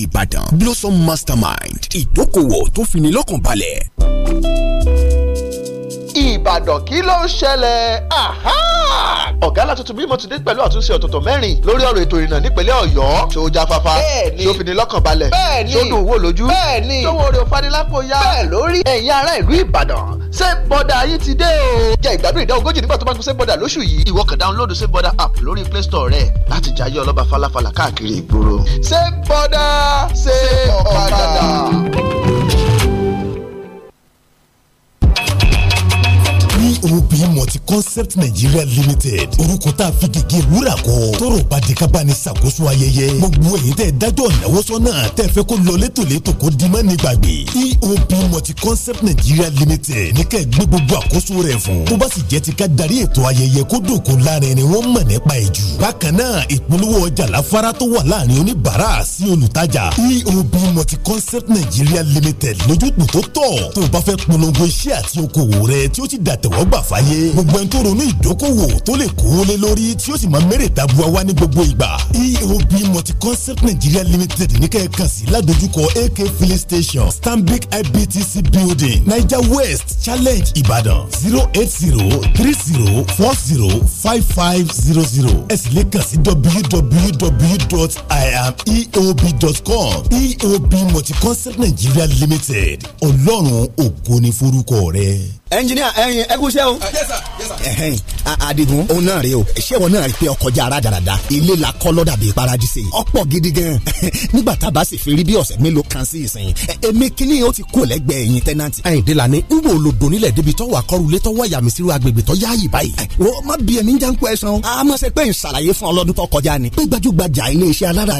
Ìbàdàn Blossom Mastermind ìdókòwò tó fini lọ́kànbalẹ̀ ìbàdàn kí ló ń ṣẹlẹ̀ ọ̀gá alátuntun bímọ ti dé pẹ̀lú àtúnṣe ọ̀tọ̀tọ̀ mẹ́rin lórí ọ̀rọ̀ ètò ìrìnnà nípínlẹ̀ ọ̀yọ́ ṣó jáfáfá ṣó fini lọ́kàn balẹ̀ ṣó dùn wò lójú ṣó wo orí òfanilápò ya bẹ́ẹ̀ lórí ẹ̀yin ará ìlú ìbàdàn ṣé bọ́dà yìí ti dé o. jẹ́ ìgbádùn ìdá ogójì nígbà tó bá ń gbé ṣé bọ́dà lóṣù yìí ìwọ kan dáńlódù ṣé bọ́dà app lórí play store rẹ láti jayé ọlọ́ba falafala káàkiri ìgboro. ṣé bọ́dà ṣé ọ̀kadà. OOP multi-concept Nigeria limited orúkọ tá a fi gègé wúrà kọ tọrọ bá di ká bá ní ṣàkóso ayẹyẹ gbogbo èyí tẹ́ dájọ́ ìnáwó sọ́nà tẹ́ fẹ́ kó lọ létòlétò kó di ní gbàgbé EOP multi-concept Nigeria limited ní kẹ́ gbé gbogbo àkóso rẹ̀ fún tó bá sì jẹ́ ti ká darí ètò ayẹyẹ kó dòkó láàrin ni wọ́n mọ̀ nípa ẹ̀ jù bákan náà ìpolówó ọjà láfárá tó wà láàrin oníbàárà sí olùtajà EOP multi-concept Nigeria limited lójútùú tó tọ́ tó o bá fẹ́ polongo iṣẹ́ àti okòwò rẹ tí ó ti dàtẹ̀wọ́ gbà fáyé gbogbo ẹni tó ronú ìdókòwò tó lè kó lé lórí tí ó sì máa mẹ́rẹ̀ dábúwa wá ní gbogbo ìgbà eob multi-concept nigeria limited ní kẹ́ẹ̀kan sí ládojúkọ ak filling station stanbic ibtc building naija west challenge ìbàdàn zero eight zero three zero four zero five five zero zero ẹ sì lè kàn sí www.iameob.com eob multi-concept nigeria limited ọlọ́run ògo ni forúkọ rẹ ẹnjiníà ẹyin ẹgúnṣẹ́ o. Uh, ẹhìn adigun òun náà rèé o ṣé wọn náà rí pé ọkọ̀ já ara dáradára ilé la kọ́ lọ́dà bíi paradíṣe ọ̀pọ̀ gidi gan nígbà tá a bá sì fi rí bí ọ̀sẹ̀ mélòó kan sí ìsìn èmi kíní ó ti kú lẹ́gbẹ̀ẹ́ ẹ̀yìn tẹ́nanti. Àyìndé la ní n wò ló donílẹ̀ débi tọ́wọ́ akọ́rùlé tọ́wọ́ àyàmì sí agbègbè tọ́ yáàyè báyìí. wọ́n má bí ẹni jẹ́ ń pẹ́ san. a máa ṣe pé n ṣàlàyé fún ọlọ́dún tó kọjá ni. pé gbajúgbajà iléeṣẹ́ alára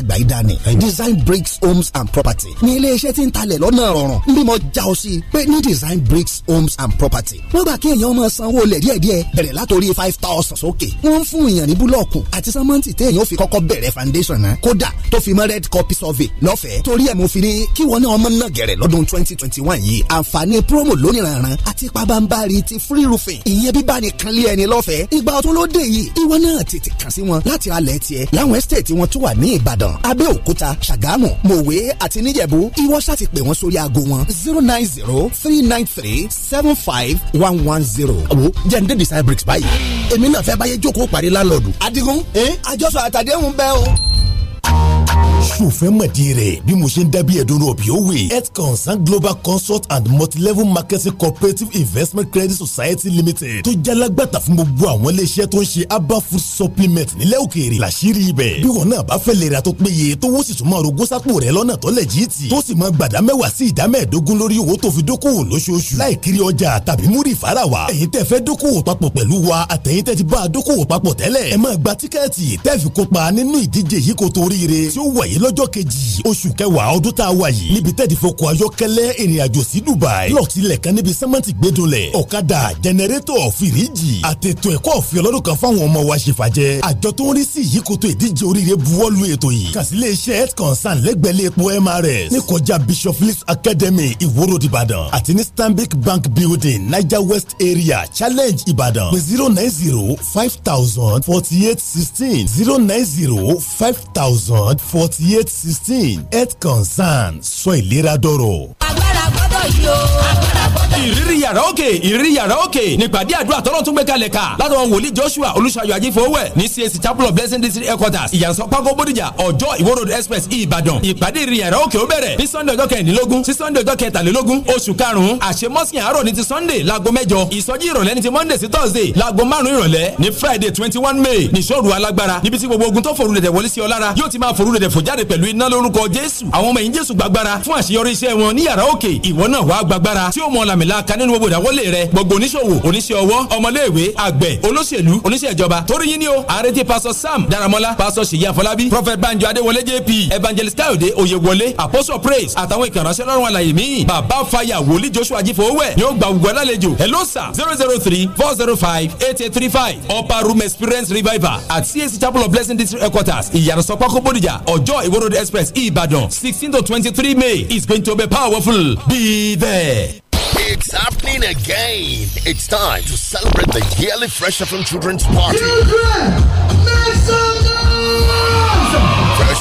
Design Bricks Homes and Property ni iléeṣẹ́ ti ń talẹ̀ lọ́nà rọrùn. n bí mo já ọ sí Design Bricks Homes and Property property wọ́n gbà kí èèyàn máa sanwó lẹ̀ díẹ̀díẹ̀ bẹ̀rẹ̀ látòrí five thousand sókè wọ́n ń fún èèyàn ní búlọ̀kù àti sẹ́mọ́ǹtì téèyàn ó fi kọ́kọ́ bẹ̀rẹ̀ foundation náà kódà tó fi mọ́ red copy survey lọ́fẹ̀ẹ́ torí ẹ̀ mo fi ní kí wọ́n ní ọmọ náà gẹ̀rẹ̀ lọ́dún twenty twenty one yìí àǹfààní promo lóníranran àti pabambari ti free roofing ìyẹn bíbá ni kan lé ẹni lọ́fẹ̀ẹ́ ìgbà ọ̀tún ló dé yìí ìwọ náà tètè kàn sí wọn láti alẹ́ tiẹ̀ láwọn estate wọn tó wà ní Ìbàdàn Abẹ́òkúta Ṣàgámù Mòwe àti Níjẹ̀bú ìwọ ṣáà zero nine zero three nine three seven five five one one zero. àwo jẹ́ǹde design bricks báyìí èmi náà fẹ́ báyé jókòó parí lálọ́ọ̀dù. adigun eh? àjọsọ àtàdéhùn bẹ́ẹ̀ o ṣùfẹ́ mọ̀dí rẹ̀ bí mo ṣe ń dábìí ẹ̀dùnú ọ̀bì òwe health concern global consult and multilevel marketing cooperative investment credit society limited tó jalagbàtà fún gbogbo àwọn iléeṣẹ́ tó ń ṣe herbal food supplement nílẹ̀ òkèèrè làṣírí ibẹ̀ bí wọn náà bá fẹ́ lè ra tó péye tó wọ́n sì tún máa rogó sápò rẹ̀ lọ́nà tó lẹ̀ jí tì tó sì máa gbàdá mẹ́wàá sí ìdá mẹ́ẹ̀ẹ́dógún lórí owó tó fi dókòwò lóṣooṣù láì kiri ọjà tàbí múrì fara wa ẹ̀yin tẹ́ fẹ́ dókòwò papọ̀ pẹ̀lú wa àtẹ̀yin tẹ́ ti bá a dókòwò papọ̀ tẹ́lẹ̀ ẹ máa gba tíkẹ́ẹ̀tì tẹ́ fi kópa nínú ìdíje yìí ó wáyé lọ́jọ́ kejì oṣù kẹwàá ọdún tá a wà yìí níbi tẹ́ẹ̀dì fọkọ̀ ayọ́kẹ́lẹ́ ìrìnàjò sí Dubai lọ́ọ̀tì lẹ̀kan níbi sẹ́mẹ́ntì gbẹdọ̀lẹ̀ ọ̀kadà jẹnẹrétọ̀ fìríjì àtètò ẹ̀kọ́ ọ̀fìn ọlọ́dún kan fáwọn ọmọ wa ṣèfàjẹ́ àjọ tó ń rí sí ìyíkoto ìdíje oríire buwọ́lu ètò yìí kàsílẹ̀ iṣẹ́ health concern lẹ́gbẹ̀lẹ́ epo MRS ní kọjá Bishop Phillips Academy ìwòrò Ìbàdàn àti ní Stanbic Bank Building Niger West Area Challenge Ìbàdàn pé zero nine zero five thousand forty eight sixteen zero nine zero five thousand forty eight sixteen health concern sọ ìlera dọ̀rọ̀. agbára gbọ́dọ̀ yìí o agbára gbọ́dọ̀ ìrírí yàrá òkè ìrírí yàrá òkè nípàdé àdúrà tọ́lọ́ tún gbé kalẹ̀ ká látọ̀wọ̀n wòlíì Joshua Olúṣayọ̀ ajífowówẹ̀ ní CAC chapel of blessing district headquarters ìyànsọ́ pákó bódìjà ọjọ́ ìwó road express Ìbàdàn ìpàdé ìrírí yàrá òkè ó bẹ̀rẹ̀ ní Sunday ọjọ́ kẹrìndínlógún sí Sunday ọjọ́ kẹtàlélógún oṣù karùn-ún àṣemọ́sìn àárọ̀ ní ti Sunday láago mẹ́jọ ìsọjí ìrọ̀lẹ́ ní ti Monday sí Thursday láago márùn-ún ìrọ̀lẹ́ ní Friday twenty one May níṣòro alágbára níbi tí gbogbo ogun tó forú dẹ̀dẹ̀ wọlé sí ọ lára yóò ti máa forú dẹ̀dẹ̀ fò jáde pẹ̀lú iná lórúkọ Jésù àwọn ọmọ ẹ̀yìn Jésù gbàgbára fún àṣeyọrí iṣẹ́ wọn ní yàrá òkè ìwọ náà wàá gbàgbára tí ó mọ làmìl la ka nínú gbogbo ìdáwọ́lé rẹ gbogbo oníṣòwò oníṣẹ́ ọwọ́ ọmọléèwé àgbẹ̀ olóṣèlú oníṣẹ́ ìjọba torí yín ni ó àrètí pásọ sam daramọ́lá pásọ ṣèyí àfọlábí prophet banjo adéwọlé jp evangelist káyọ̀dé oyèwọlé apostle praise àtàwọn ìkànnì lọ́rùn àlàyé míì bàbá fàyà wòlí joshua jífowówẹ̀ ni ó gba ògùn alálejò hello sir zero zero three four zero five eight eight three five upper room experience revival at cac chapel of blessing district headquarters ìyàrá-sọpá kóbódìjà ọjọ́ ìwó road express ìbàdàn sixteen to twenty-three may is going to be powerful be there. It's happening again. It's time to celebrate the yearly Fresh Up from Children's Party. Children, make some noise!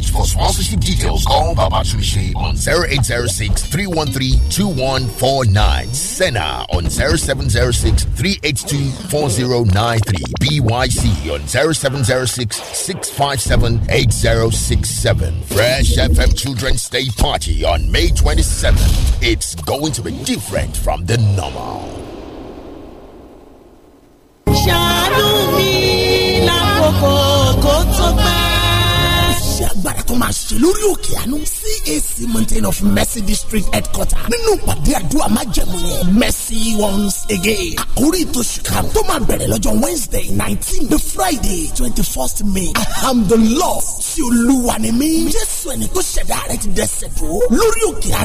page for sponsorship details. Call Baba Chumishe on 0806 313 Senna on 0706 382 4093. BYC on 0706 657 8067. Fresh FM Children's Day Party on May 27th. It's going to be different from the normal. iṣẹ́ agbára tó máa ṣe lórí òkè àánú CAC mountain of mercy district headquarter nínú ìpàdé àdúrà májẹ̀mú yẹn mercy once again àkórí ètò ṣìkàrù tó máa bẹ̀rẹ̀ lọ́jọ́ wednesday nineteen the friday twenty first may alhamdulilah sí olúwa ni mí jésù ẹni tó ṣẹ̀dá rẹ̀ ti dẹ́ṣẹ̀ tó lórí òkè àánú.